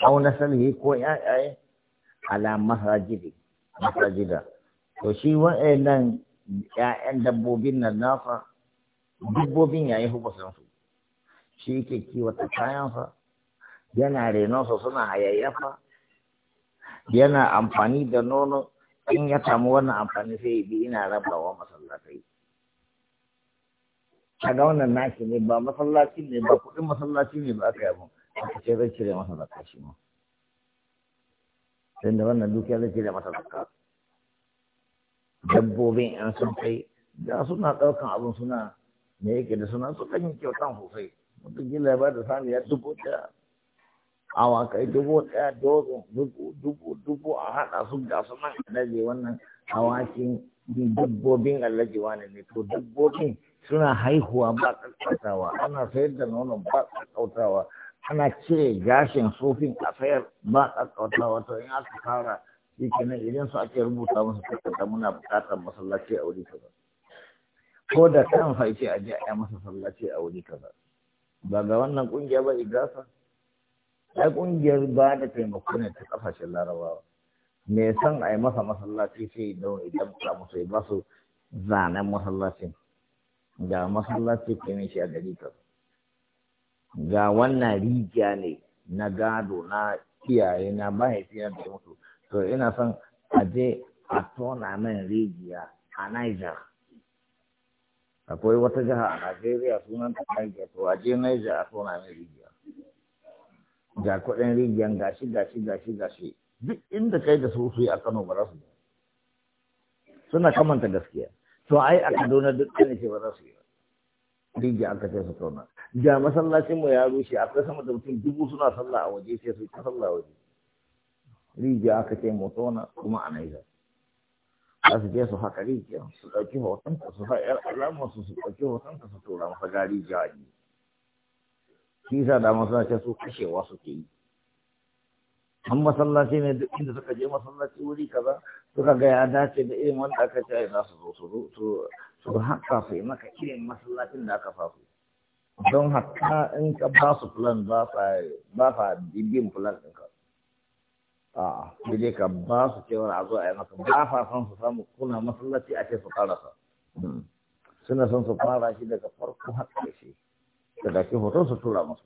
au salihi ko ya'ya'ya ala masajidi masajida to shi wa'annan ƴaƴan dabbobin nan nasa dabbobin yayi hubasan su shi yake kiwata kayansa yana renonsa suna hayayyafa yana amfani da nono in ya samu wannan amfani sai bi ina rabawa masallatai kaga wannan naki ne ba masallaci ne ba kuɗin masallaci ne ba aka yabo aka ce zai cire masa zakka shi ma tunda wannan ya zai cire masa zakka dabbobin yan sun kai da suna ɗaukan abin suna me yake da suna su kan yi kyautan sosai mutum ba da saniya dubu ɗaya awakai dubu ɗaya dozin dubu dubu dubu a haɗa su ga su nan alaje wannan awakin dabbobin alaje wani ne to dabbobin suna haihuwa ba ƙaƙƙautawa ana sayar da nono ba ƙaƙƙautawa ana cire gashin sofin a sayar ba ƙaƙƙautawa to in aka fara shi idan su ake rubuta musu takarda muna buƙatar masallaci a wuri kaza ko da kansa yake a je a yi sallaci a wuri kaza ba ga wannan kungiya ba igasa ai kungiyar ba da taimako ne ta kasashen larabawa me san a yi masa masallaci sai don idan ba musu ya ba su zanen masallacin ga masallaci kenan shi a gari kaza ga wannan rijiya ne na gado na kiyaye na mahaifiyar da mutu to ina son a je a tona min rijiya a Niger akwai wata jiha a Najeriya sunan ta Niger to a je Niger a tona min rijiya ga kuɗin rijiyan gashi gashi gashi gashi duk inda kai da su su yi a Kano ba za su suna kamanta gaskiya to ai a Kaduna duk ɗan ce ba za su yi rijiya aka ce su tona ga masallacin mu ya rushe akwai sama da mutum dubu suna sallah a waje sai su sallah a waje rijiya aka ce motona kuma a naija za su je su haka rijiya su ɗauki hotonta su sa yar alamar su su ɗauki hotonta su tura masa gari jari shi sa da ce su kashewa suke yi an masallaci ne duk inda suka je masallaci wuri kaza suka ga ya dace da irin wanda aka ce za su zo su zo su haka su yi maka irin masallacin da aka fafu don haka in ka ba su plan ba sa bin plan ɗinka a'a sai ka ba su cewar a zo a yi masa ba fa son su samu kuna masallaci a ce su sa. Hmm. suna son su fara shi daga farko har ƙarshe daga ke hoton su tura musu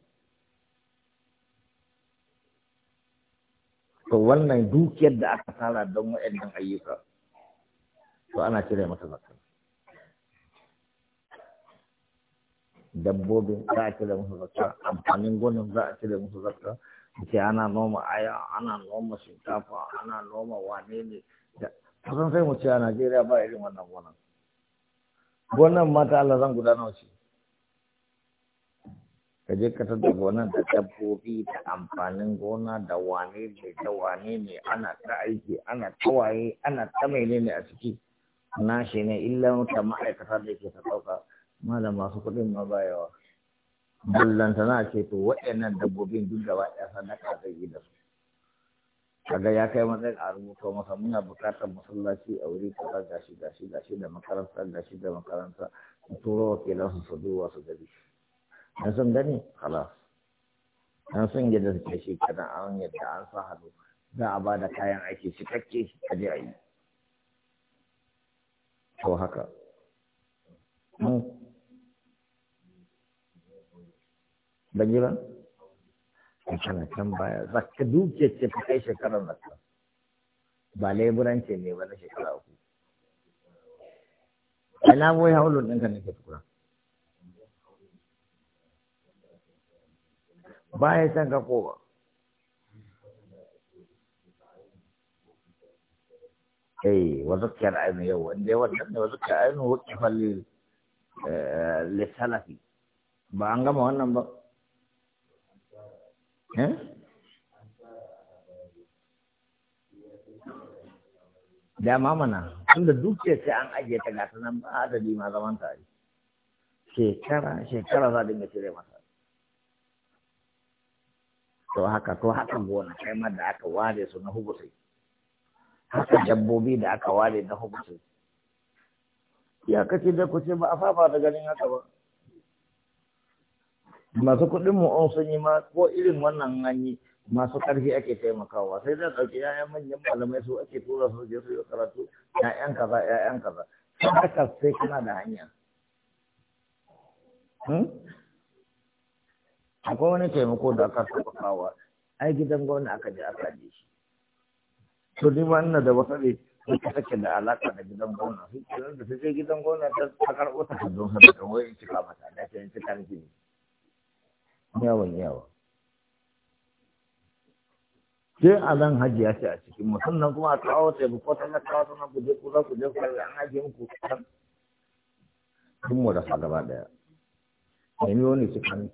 to wannan dukiyar da aka tara don waɗannan ayyuka to ana cire mata zaka. dabbobin za a cire musu zakka amfanin gonin za a cire musu zakka ce ana noma aya ana noma shinkafa ana noma wane ne da kusan sai mu ce a najeriya ba irin wannan gonan gonan mata Allah zan guda nawa ce ka je ka tada gonan da dabbobi da amfanin gona da wane ne da wane ne ana ta aiki ana ta waye ana ta mene ne a ciki na shi ne illa mata ma'aikata da ke ta ɗauka malama masu kuɗin ma ba yawa na ce to waɗannan dabbobin duk gaba ɗaya sadaka zai yi da su kaga ya kai matsayin a rubuta masa muna buƙatar masallaci a wuri kaza gashi gashi gashi da makaranta gashi da makaranta su turo wakilan su su duba su gani dan sun gani halas dan sun yadda suke shi kada an yadda an sa hannu za a bada kayan aiki cikakke a je a yi to haka ban yi ba kana can baya za ka duke ce ta kai shekarar na ta ba ce ne ba na shekara uku ina boye haulun ɗinka nake tukura ba ya san ka ko ba eh wa zakkar ainihin yau wanda yawan wannan ne wa zakkar ainihin wa eh, lissalafi. ba an gama wannan ba dama mana tunda dukiyar sai an ajiye ta gasa nan ba adadi ma zaman tare shekara shekara za dinga cire masa to haka to haka gona kai ma da aka ware su na hubusai haka jabbobi da aka ware na hubusai kace da ku ce ba a saba da ganin haka ba masu kuɗin mu sun yi ma ko irin wannan hanyi masu ƙarfi ake taimakawa sai zai ɗauki ƴaƴan manyan malamai su ake tura su je su yi karatu ƴaƴan kaza ƴaƴan kaza sun haka sai kana da hanya hmm? akwai wani taimako da aka taimakawa ai gidan gwamna aka je aka je shi to ni ma ina da wata ne wata take da alaka da gidan gwamna sai da ta je gidan gwamna ta karɓo takardun sa da wai in cika mata da ta yi cika ne yawan yawa sai a zan ya ce a cikin mu sannan kuma a kawo ta yabu kwata na kawo sannan ku je ku za ku je ku an hajiya muku kan sun mu rasa gaba daya yi wani su kan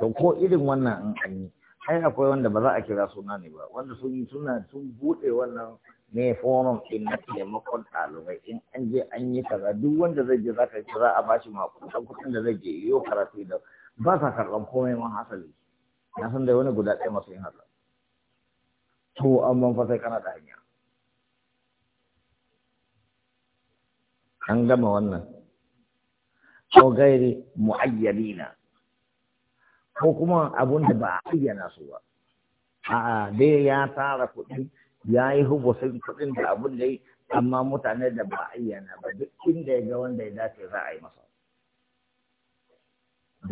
to ko irin wannan an an yi ai akwai wanda ba za a kira suna ne ba wanda sun yi suna sun bude wannan ne forum din na taimakon ɗalibai in an je an yi kaza duk wanda zai je zaka kira a bashi makudan kuɗin da zai je yo karatu da ba sa karɓan komai man hasali na san da wani guda ɗaya masu yin haka to amma fa sai kana da hanya an gama wannan ko gairi na. ko kuma abun da ba a ayyana su ba a'a dai ya tara kuɗi ya yi hubusin kuɗin da abun da yi amma mutane da ba a ayyana ba duk inda ya ga wanda ya dace za a yi masa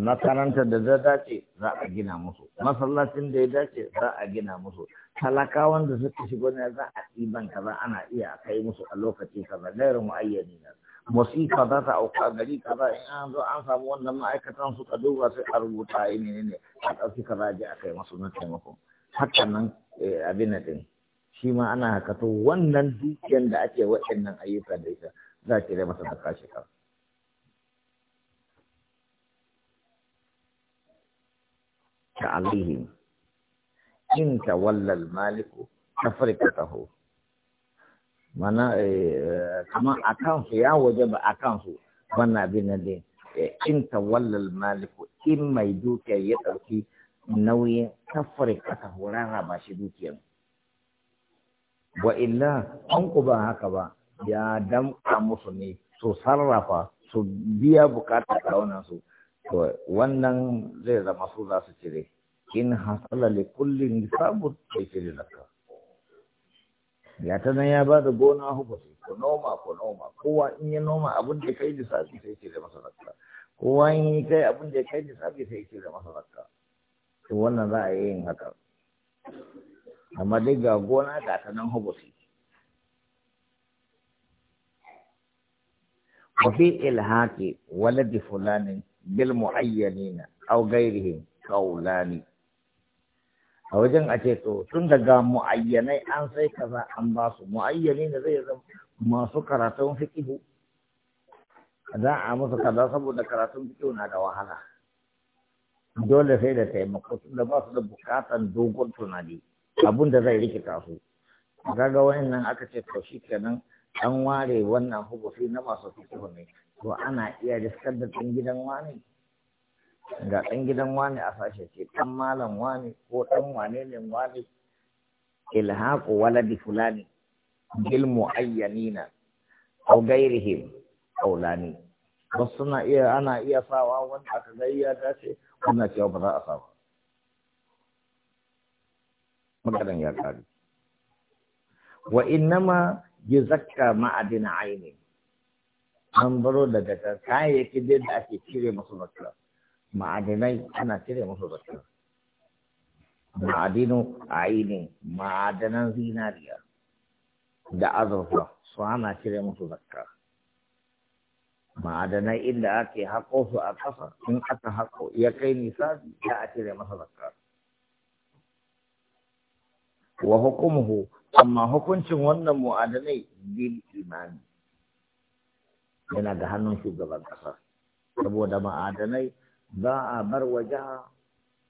makarantar da za dace za a gina musu masallacin da ya dace za a gina musu talakawan da suka shigo ne za a ɗiban kaza ana iya kai musu a lokaci kaza mu mu'ayyani na musifa za ta auka gari kaza in an zo an samu wannan ma'aikatan suka duba sai a rubuta a yi ne a ɗauki kaza je a kai masu na taimako hakan nan eh, abin ɗin shi ma ana hakato wannan dukiyar da ake waɗannan ayyuka da ita za ki yi masa da kashi ka. ta'alihim in wallal maliku taho. mana eh, kamar a kansu ya waje ba a kansu wannan abin nan din eh, in tawallal maliku in mai dukiya ya ɗauki nauyin kafar kasa horara ba shi dukiyar wa illa an ku ba haka ba ya damƙa musu ne su sarrafa su biya bukata raunan su to wannan zai zama su za su cire in hasala li kullin sabu sai cire zakka ya ta nan ya ba da gona hukunci ko noma ko noma kowa in ya noma abin da kai lissafi sai ce da masa zakka kowa in yi kai abin da kai lissafi sai ce da masa zakka to wannan za a yi yin haka amma dai ga gona ga ta nan hukunci وفي waladi fulani فلان بالمعينين أو غيرهم قولان a wajen a ce to tun daga mu'ayyanai an sai kaza an ba su mu'ayyani da zai zama masu karatun fikihu za a musu kaza saboda karatun fikihu na da wahala dole sai da taimako tun da ba su da bukatan dogon tunani abun da zai rikita su wani wayannan aka ce to shi kenan an ware wannan hukufi na masu fikihu ne to ana iya riskar da gidan wani ga ɗan gidan wani a sashe ce ɗan malam wani ko ɗan wane ne wani ilhaku waladi fulani gilmu ayyanina, aw ghairihim aulani wasu na iya ana iya sawa wani aka gayya dace wannan cewa ba za a sawa maganan ya kare wa innama zakka ma'adin aini an baro daga kayayyakin da ake cire masu zakka ma'adinai ana cire musu zakka ma'adinu aini ma'adanan zinariya da azurfa su ana cire musu zakka ma'adanai inda ake haƙo su a ƙasa in aka haƙo ya kai nisa ya a cire masa zakka wa hukumuhu amma hukuncin wannan mu'adanai bil imani yana da hannun shugaban ƙasa saboda ma'adanai ba a bar wa jiha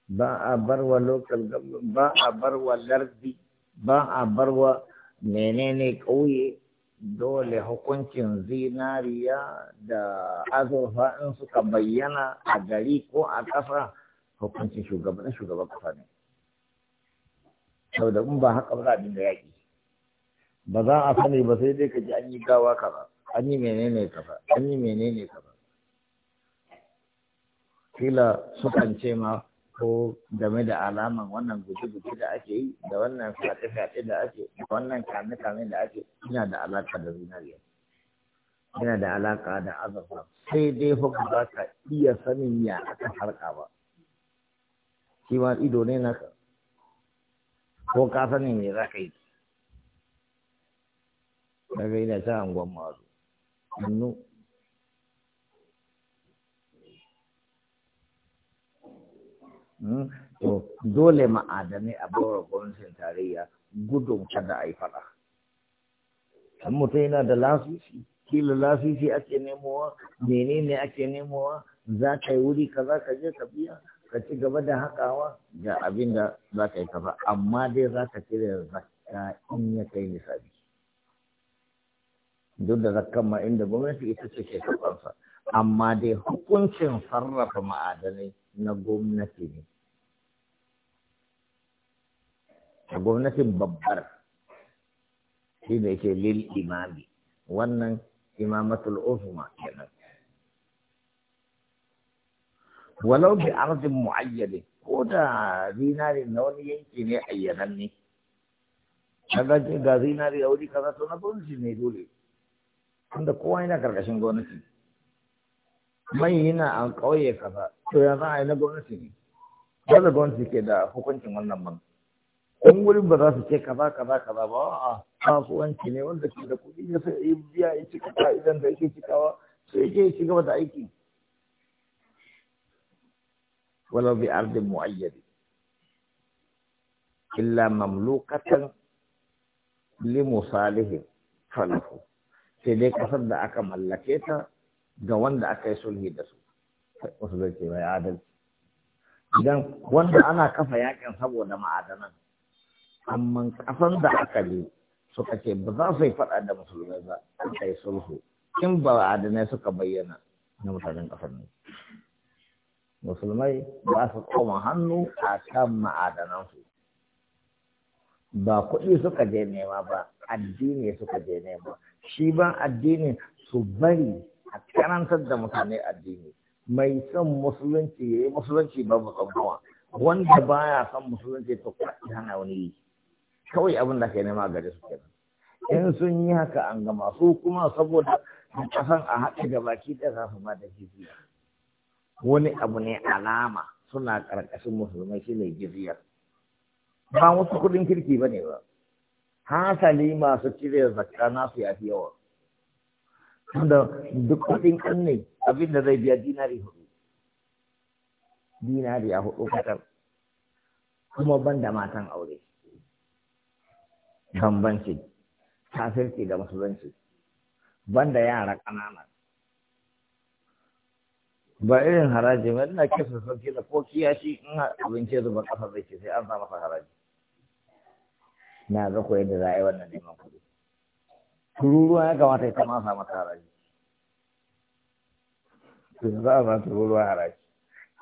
ba a bar wa local government ba a bar wa lardi ba a bar wa menene ƙauye dole hukuncin zinariya da azurfa in suka bayyana a gari ko a ƙasa hukuncin shugaban shugaban ƙasa ne saboda in ba haka ba abin da yaƙi ba za a sani ba sai dai ka ji an yi gawa ba. an yi menene ba an yi menene ba kila sukan ce ma ko game da alaman wannan guji-guji da ake yi da wannan fyaɗe-fyaɗe da ake da wannan kame-kame da ake Ina da alaƙa da zinariya yana da alaƙa da azurfa sai dai hukun ba ka iya sanin ya aka harka ba shi ma ido ne naka ko ka sanin me za ka yi daga ina ta angon mazu hannu Hmm? to dole ma'adanai a bawar gwamnatin tarayya gudun kada a yi faɗa kan mutum yana da lasisi kila lasisi ake nemowa menene ake nemowa za ka yi wuri kaza ka je ka biya ka ci gaba da haƙawa ga abin da za ka yi kaza amma dai za ka cire zakka in ya kai nisabi duk da zakkan ma inda gwamnati ita ce ke kafansa, amma dai hukuncin sarrafa ma'adanai na gwamnati ne a gwamnatin babbar shi da yake lil imami wannan imamatul uzma kenan walau bi arzin mu'ayyadin ko da zinari na wani yanki ne ne kaga ga zinari a wuri kaza to na gwamnati ne dole tunda kowa yana karkashin gwamnati mai yana a ƙauye kaza to ya za a yi na gwamnati ne Ba da gwamnati ke da hukuncin wannan man. in wurin ba za su ce kaza kaza kaza ba a kasuwanci ne wanda ke da kuɗi ya sai yi biya ya cika idan da yake cikawa sai yake ya ci gaba da aiki walau bi ardin mu'ayyadi illa mamlukatan li musalihin falahu sai dai kasar da aka mallake ta ga wanda aka yi sulhi da su wasu zai ce mai adalci idan wanda ana kafa yakin saboda ma'adanan amma kasan da aka yi suka ce ba za su yi faɗa da musulmai ba aka yi sulhu in ba adanai suka bayyana na mutanen kasar ne musulmai ba su koma hannu a kan ma'adanansu ba kuɗi suka je nema ba addini suka je nema shi ban addini su bari a karantar da mutane addini mai son musulunci ya yi musulunci ba mu tsangwama wanda ba ya son musulunci to kwaɗi hana wani yi kawai abin da ka nema gare su kenan in sun yi haka an gama su kuma saboda kasan a haɗe da baki da za su da jizya wani abu ne alama suna ƙarƙashin musulmai shi ne ba wasu kuɗin kirki ba ne ba hasali masu cire zakka nasu ya fi yawa tunda duk kuɗin ƙanne abin da zai biya dinari hudu dinari a hudu kaɗan kuma ban da matan aure bambanci kafirci da musulunci ban da yara ƙanana ba irin haraji ba ina kisa sauki da ko kiyashi in abinci zuba ƙasa zai ce sai an sa masa haraji na ga koyar da za a yi wannan neman kuɗi tururuwa ya kamata ita ma sa mata haraji to yanzu a sa tururuwa haraji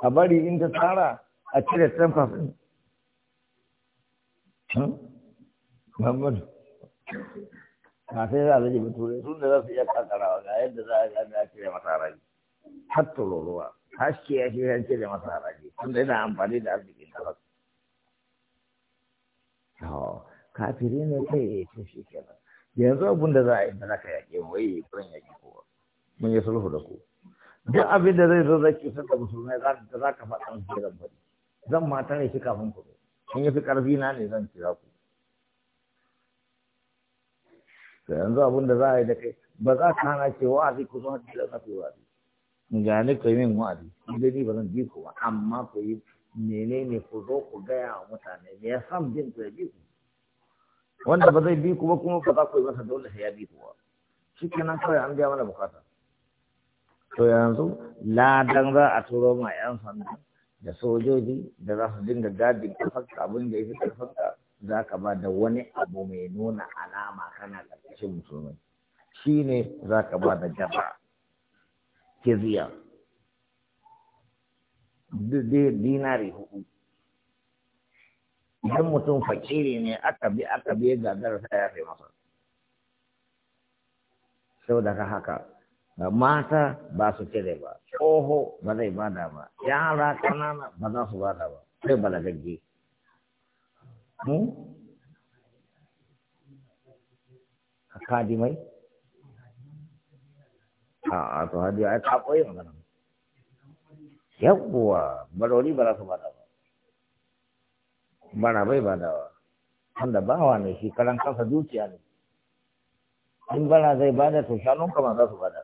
a bari in ta tsara a cire 10% hmm? Muhammadu na sai za a zaje turai sun da za su iya kakarawa ga yadda za a ga a cire masa haraji har tururuwa haske ya shi ya cire masa haraji tunda yana amfani da arzikin talaka kafiri ne kai ya ce shi kenan yanzu abin da za a yi da za ka yaƙe mu wai kuran yaƙi kowa mun yi sulhu da ku duk abin da zai zo zai san da musulmai da za ka faɗa musu da zan faɗi zan mata ne shi kafin ku in yi karfi ƙarfi na ne zan kira ku da yanzu abin da za a yi da kai ba za ka hana ce wa'azi ku zo hadisi na ku wa'azi ga ni ku yi min wa'azi da ni ba zan ji ku ba amma ku yi menene ku zo ku gaya wa mutane me ya san bin ku ya ji ku wanda ba zai bi ku ba kuma ba za ku yi masa dole sai ya bi ku ba shi kenan kawai an biya mana bukata to yanzu ladan za a turo ma yan sanda da sojoji da za su dinga gadin kafarka abin da ya fi za ka ba da wani abu mai nuna alama kana ƙarƙashin musulmai shi ne za ka ba da jaba kiziya dinari hudu idan mutum fakiri ne aka bi aka bi gagara ta yafe masa sau daga haka mata ba su cire ba tsoho ba zai bada ba yara kanana ba za su bada ba sai balagagge mu kadimai a to hadiya ai ta koyi magana yawwa barori ba za su bada ba bara bai badawa wanda bawa ne shi karan kasa dukiya ne in bara zai bada to shanun kama za su bada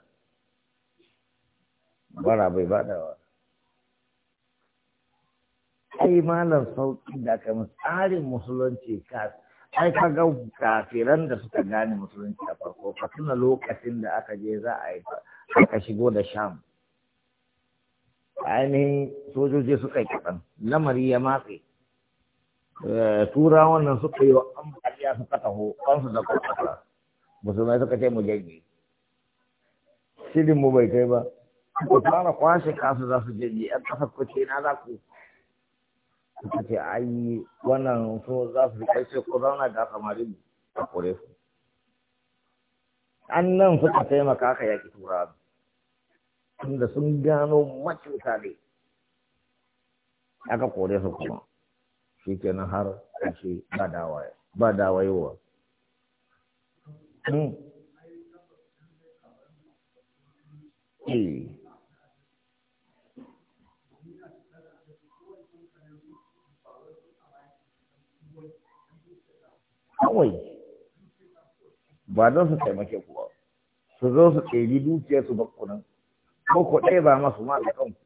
bara bai badawa ai malam sauki da kamar tsarin musulunci ka ai ka ga kafiran da suka gane musulunci a farko ka tuna lokacin da aka je za a yi aka shigo da sham ainihin sojoji suka yi kaɗan lamari ya matse Eh, turawan nan suka yi wa ambaliya suka taho kansu da kwakwata musulmai suka ce mu janye shirin mu bai kai ba ku fara kwashe kasu za su janye yan kasar ku ce na za ku suka ce wannan so za su kai ce ku zauna ga samarin a kore su an nan suka taimaka ka yaki turawa tunda sun gano macuta ne aka kore su kuma shi kenan har ƙarshe ba ba dawayewa hmm. eh kawai ba don su taimake kuwa su zo su ɗari dukiya su bakunan ko ku ɗaya ba masu ma da kanku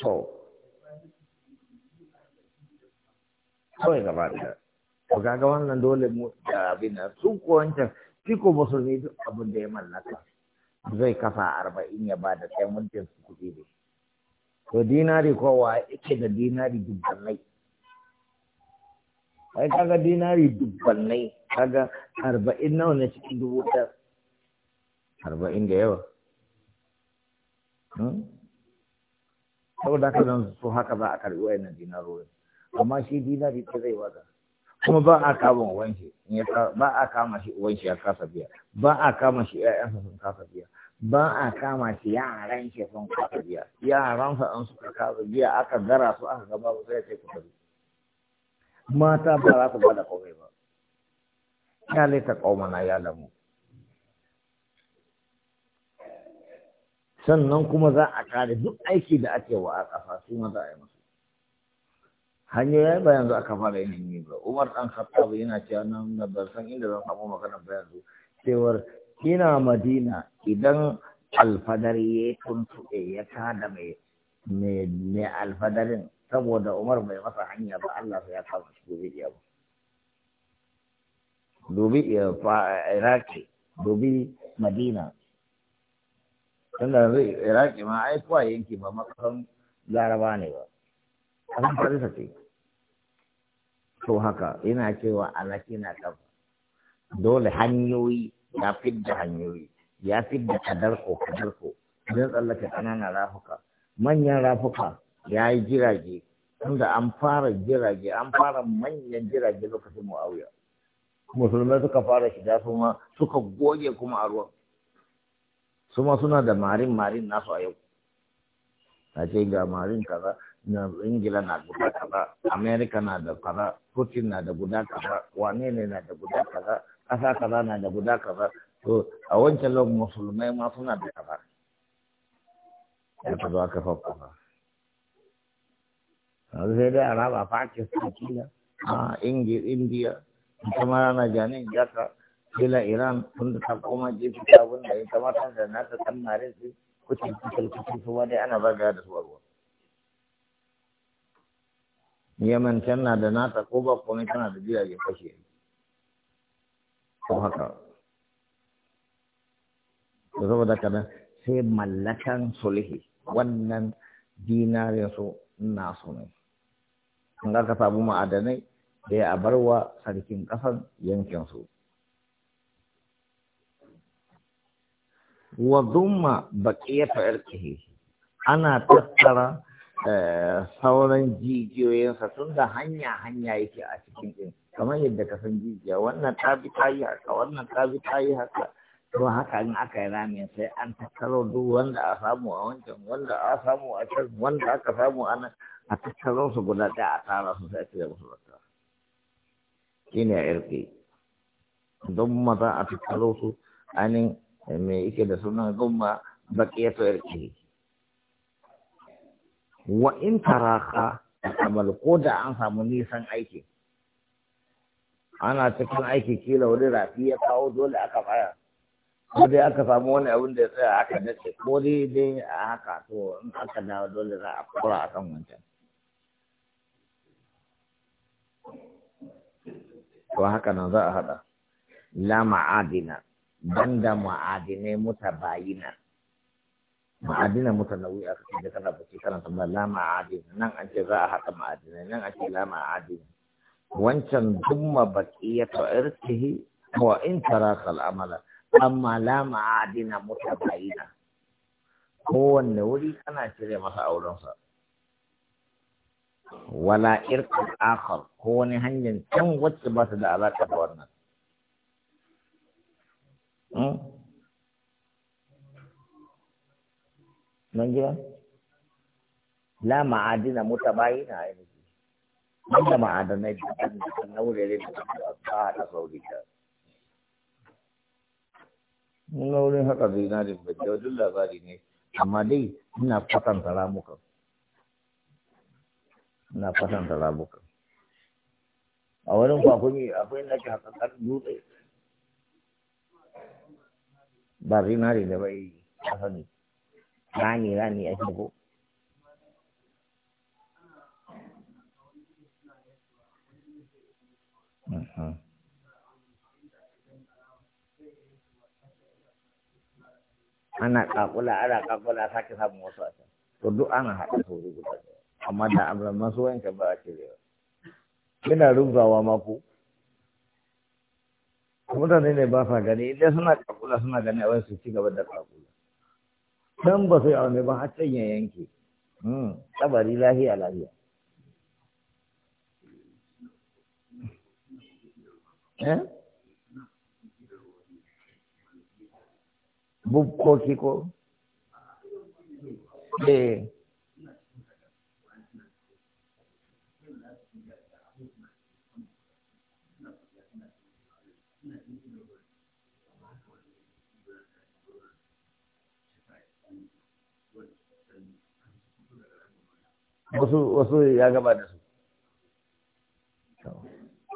to kawai gaba da ku ga wannan dole mu da abin da su ko wancan shi ko musulmi duk abin da ya mallaka zai kafa arba'in ya ba da ɗaya mutum su kuɗi ne to dinari kowa yake da dinari dubbannai ai kaga dinari dubbannai kaga arba'in nawa ne cikin dubu ɗaya arba'in da yawa hmm? saboda haka zan so haka za a karbi wayannan dinarorin amma shi dinari ta zai wada kuma ba a kama wanshi ba a kama shi wanke ya kasa biya ba a kama shi ƴaƴansa sun kasa biya ba a kama shi yaran shi sun kasa biya yaran sa an suka kasa biya aka gara su aka gaba ba sai ku tafi mata ba za ku bada komai ba ya laita kaumana ya lamu sannan kuma za a kare duk aiki da ake wa a ƙasa su ma za a yi masu hanyoyi ba yanzu aka fara yin hanyoyi ba umar dan khattab yana cewa nan da ban san inda zan samu magana ba yanzu cewar ina madina idan alfadar ya tuntuɓe ya kada mai mai alfadarin saboda umar bai masa hanya ba Allah sai ya kama shi gobe ya ba dubi eh, iraki dubi madina tun da zai iraki ma ai kuwa yanki ba makaran laraba ne ba An farisa ce to haka ina cewa alaki na kan dole hanyoyi ya fidda hanyoyi ya fidda kadarko kadarko zai tsallake ƙananan rafuka manyan rafuka ya yi jirage tunda an fara jirage an fara manyan jirage lokacin mu'awiya musulmai suka fara shiga suma suka goge kuma a ruwan su ma suna da marin marin nasu a yau a ce ga marin kaza na ingila na guda kaza Amerika na da kaza putin na da guda kaza wane ne na da guda kaza ƙasa kaza na da guda kaza to a wancan lokacin musulmai ma suna da kaza ya ta zo aka fafa ba yanzu araba pakistan china a na janin jaka kila iran tun ta koma jefi ta da ya kamata da na ta san mare su kucin kucin kucin su dai ana baga da su ruwa yaman tana da nata ko ba komai tana da ya kashe ko haka da saboda kanan sai mallakan sulhi wannan dinarin su nasu ne in aka samu ma'adanai da ya abarwa sarkin ƙasan yankin su wa zumma baqiyatu irqihi ana tattara eh, sauran jijiyoyinsa tun da hanya hanya yake a cikin din kamar yadda ka san jijiya wannan ta bi ta yi haka wannan ta bi ta yi haka to haka in aka yi ramin sai an tattaro duk wanda a samu a wancan wanda a samu a can wanda aka samu a nan a tattaro su guda ɗaya a tara su sai a cire musu zakka shine a irki don maza a tattaro su me yake da suna gumma baqiyatu irki wa in taraka amal ko da an samu nisan aiki ana cikin aiki kila wani rafi ya kawo dole aka fara ko dai aka samu wani abin da ya tsaya aka dace ko dai dai a haka to in aka dawo dole za a kura a kan wancan to haka nan za a hada la ma'adina banda ma'adinai mutabayina ma'adina nauyi aka cikin da kana fice kana tambaya la ma'adina nan an ce za a haɗa ma'adinai nan an ce la ma'adina wancan dumma baqiyatu irtihi wa in taraka amala amma la ma'adina mutabayina kowanne wuri kana cire masa aurensa wala irqal akhar ko wani hanyar can wacce ba ta da alaka da wannan nan ba la ma'adina na ainihi wanda Mun da kan na ne da ta da sauri ta Mun wurin haka zinarin da jaudun labari ne amma dai ina kwatanta ramukan ina kwatanta ramukan a wurin kwakumi akwai nake haka kan dutse ba zinari da bai kasani rani rani a shigo mhm. ana kakula ana kakula sake samun wasu a can to duk ana haɗa sauri guda amma da amran masu wanka ba a cirewa yana rubawa mako mutane ne ba sa gani idan suna kakula suna gani a su ci gaba da kakula dan ba su yi ba har can ya yanke tsabari hmm, lahiya lahiya eh? bukkoki ko eh wasu wasu ya gaba da su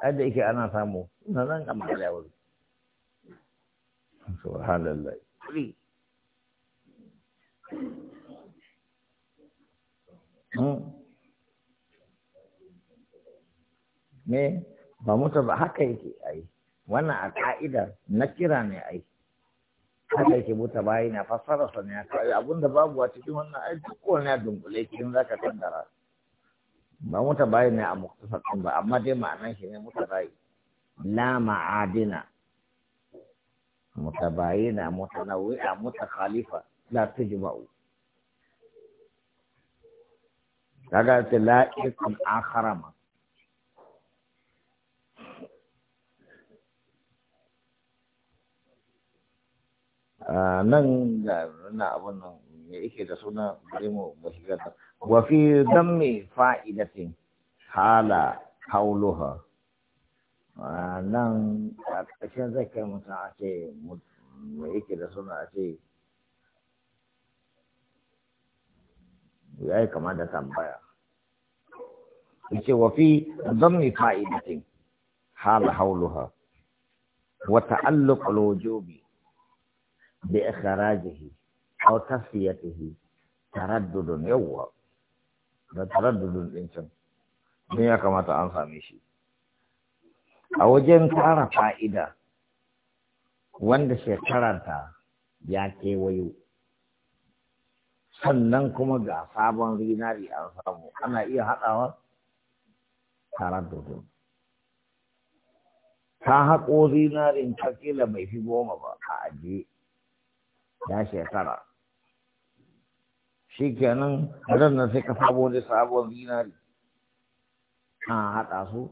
yadda yake ana samu na zan ga magana wuri subhanallah kuri hmm? me ba mutu ba haka yake ai wannan a ka'ida na kira ne ai haka yake buta bayi na fassara sa ne haka yi da babu a cikin wannan ai duk wani ya dunkule za zaka kaddara ba muta bayi ne a muktasar ba amma dai ma'anan shi ne muta bayi la ma'adina a muta khalifa la tujma'u kaga ta la'ikun akharama nan ga na abun nan ya yake da suna bari mu ba shi gata wa fi dammi fa'idatin hala hauluha nan a ƙarshen zai kai mutum a ce me yake da suna a ce ya yi kama da tambaya ce wa fi dammi fa'idatin hala hauluha wa ta'alluq al-wujubi bi ikharajihi aw tasfiyatihi taraddudun yawwa da taraddudun din can din ya kamata an same shi a wajen tara fa'ida wanda shekararta ya kewayo sannan kuma ga sabon zinari an samu ana iya haɗawa taraddudun ta haƙo zinarin ta kila mai fi goma ba a ajiye ya shekara shi kenan ran nan sai ka sabo da sabon zinari an haɗa su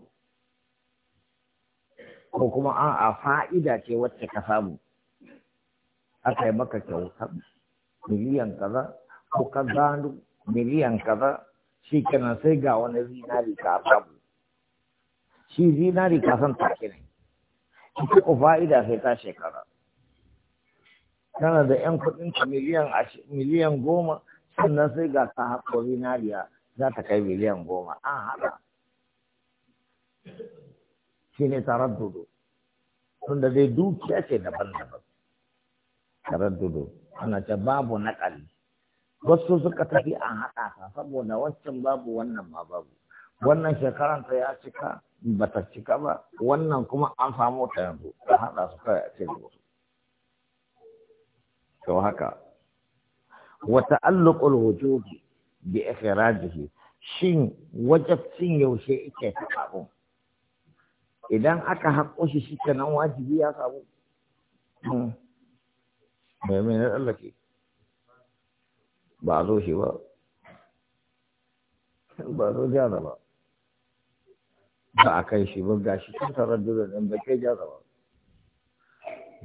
ko kuma an a fa'ida ce wacce ka samu aka yi maka kyautar miliyan kaza ko ka gano miliyan kaza shi kenan sai ga wani zinari ka samu shi zinari ka san take ne ita ko fa'ida sai ta shekara kana da yan kuɗin miliyan miliyan goma sannan sai ga ta haƙo zinariya za ta kai miliyan goma an haɗa shi ne taraddudu tunda dai dukiya ce daban-daban taraddudu ana ce babu naƙali wasu suka tafi an haɗa ta saboda wancan babu wannan ma babu wannan shekaran ta ya cika bata cika ba wannan kuma an samu ta yanzu a haɗa su kai a cikin to haka wa ta'alluqul wujubi bi ikhrajihi shin wajabcin yaushe yake sabu idan aka haƙo shi shi kenan wajibi ya sabu mai hmm. mai Allah ke ba zo shi ba ba a zo jaza ba ba a kai shi ba ga shi sun tarar da ɗin ba ke jaza ba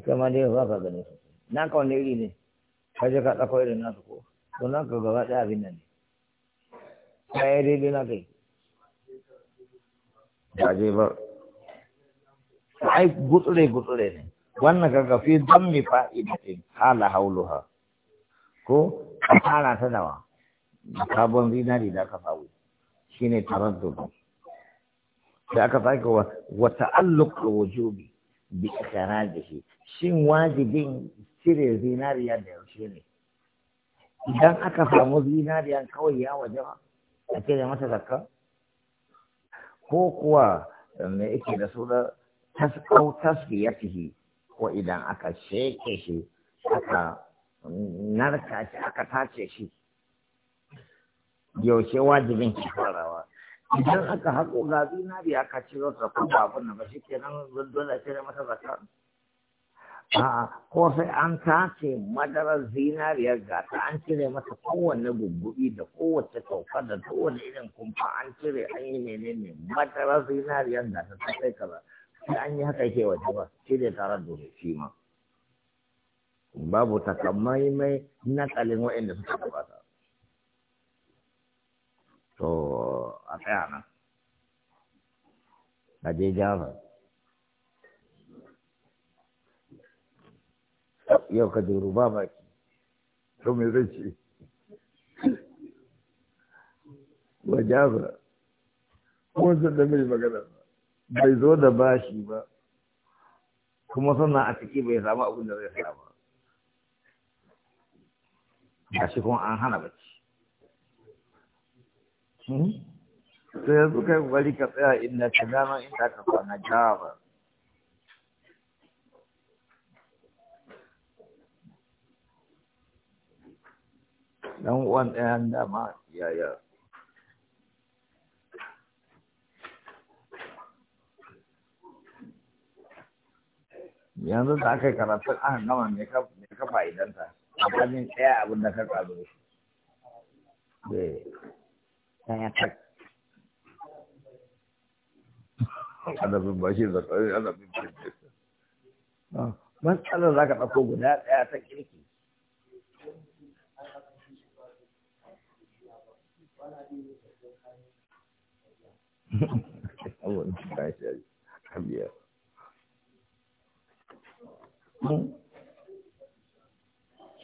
kama dai ba ka gane su na ka wani iri ne ka je ka ɗauko irin nasu ko to na ka gaba ɗaya abin nan ne ka yi daidai na kai ba je ba ai gutsure gutsure ne wannan ka gafi don mi fa'idatin hala ha ko ka fara ta dawa sabon zinari da aka shi ne tarar da aka sake wa wa ta'alluq wujubi bi shi. shin wajibin cire zinariya da yaushe ne idan aka samu zinariya kawai ya waje a da masa zakka ko kuwa me yake da suna taskau tasfiyatihi ko idan aka sheke shi aka narka shi aka tace shi yaushe wajibin ki farawa idan aka haƙo ga zinariya aka ciro ta ko babu na ba shi kenan da a da masa zakka a'a ko sai an tace madarar zinariyar gata an cire mata kowanne guggubi da kowace tauka da kowane irin kumfa an cire an yi menene madarar zinariyar gata ta kai kaza sai an yi haka ke waje ba cire tare da shi ma babu takamai mai nakalin waɗanda suka gabata to a tsaya nan a je yau ka juru ba baki to me zai ce wa jaza wancan da mai magana bai zo da bashi ba kuma sannan a ciki bai samu abin da zai sa ba a shi kuma an hana bacci sai hmm? yanzu kai bari ka tsaya inda ka dama inda ka kwana jawa dan uwan ɗayan dama yaya yanzu da aka yi karatun aka gama mai kafa idan ta. kanin ɗaya abin da ka ƙaru da eh. ɗaya tak adabin ba shi da ƙarfi adabin ba ah, matsalar za ka ɗauko guda ɗaya ta kirki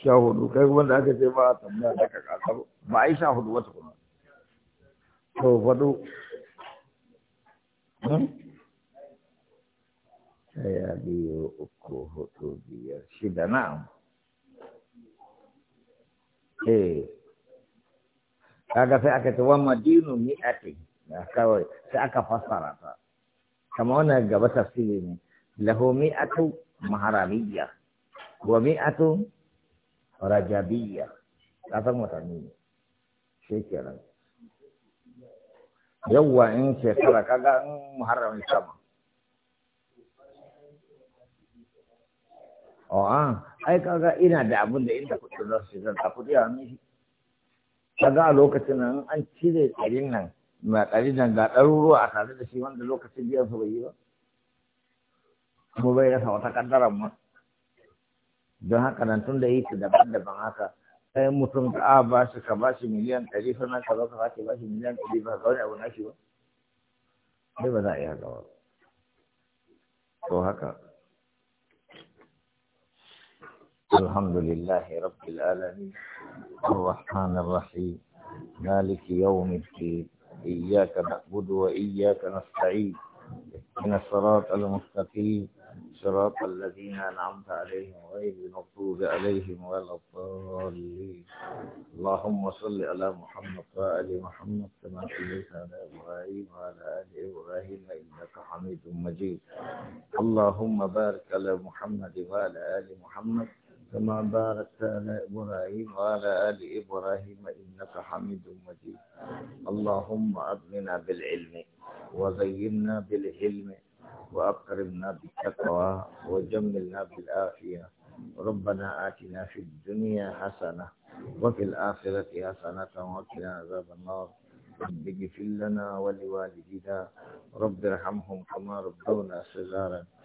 sha hudu kai kuma da hudu wata kuma to faɗo hmm? ɗaya biyo, uku hudu biyar shida na? eh kaga sai aka ce wa madinu mi'ati kawai sai aka fassara ta kama wannan gaba tafsiri ne lahu mi'atu maharamiyya wa mi'atu rajabiyya ka san watanni ne shi kenan yawwa in shekara kaga in muharram sama Oh, ai kaga ina da abin da inda kuɗin za su shiga a kuɗi a Ka ga a lokacin nan an cire ɗarin nan ba ɗari nan ga ɗaruruwa a tare da shi wanda lokacin biyan su bai yi ba kuma bai rasa wata kaddaran ma don haka nan tun da yi su daban-daban haka sai mutum ka a ba shi ka ba shi miliyan ɗari sannan ka zo ka sake ba shi miliyan ɗari ba ka wani abu na shi ba sai ba za a yi haka ba to haka الحمد لله رب العالمين الرحمن الرحيم مالك يوم الدين إياك نعبد وإياك نستعين من الصراط المستقيم صراط الذين أنعمت عليهم غير المغضوب عليهم ولا الضالين اللهم صل على محمد وآل محمد كما صليت على إبراهيم وعلى آل إبراهيم إنك حميد مجيد اللهم بارك على محمد وعلى آل محمد كما باركت على إبراهيم وعلى آل إبراهيم إنك حميد مجيد اللهم أغننا بالعلم وزينا بالعلم وأكرمنا بالتقوى وجملنا بالعافية ربنا آتنا في الدنيا حسنة وفي الآخرة حسنة وقنا عذاب النار رب اغفر لنا ولوالدينا رب ارحمهم كما ربونا صغارا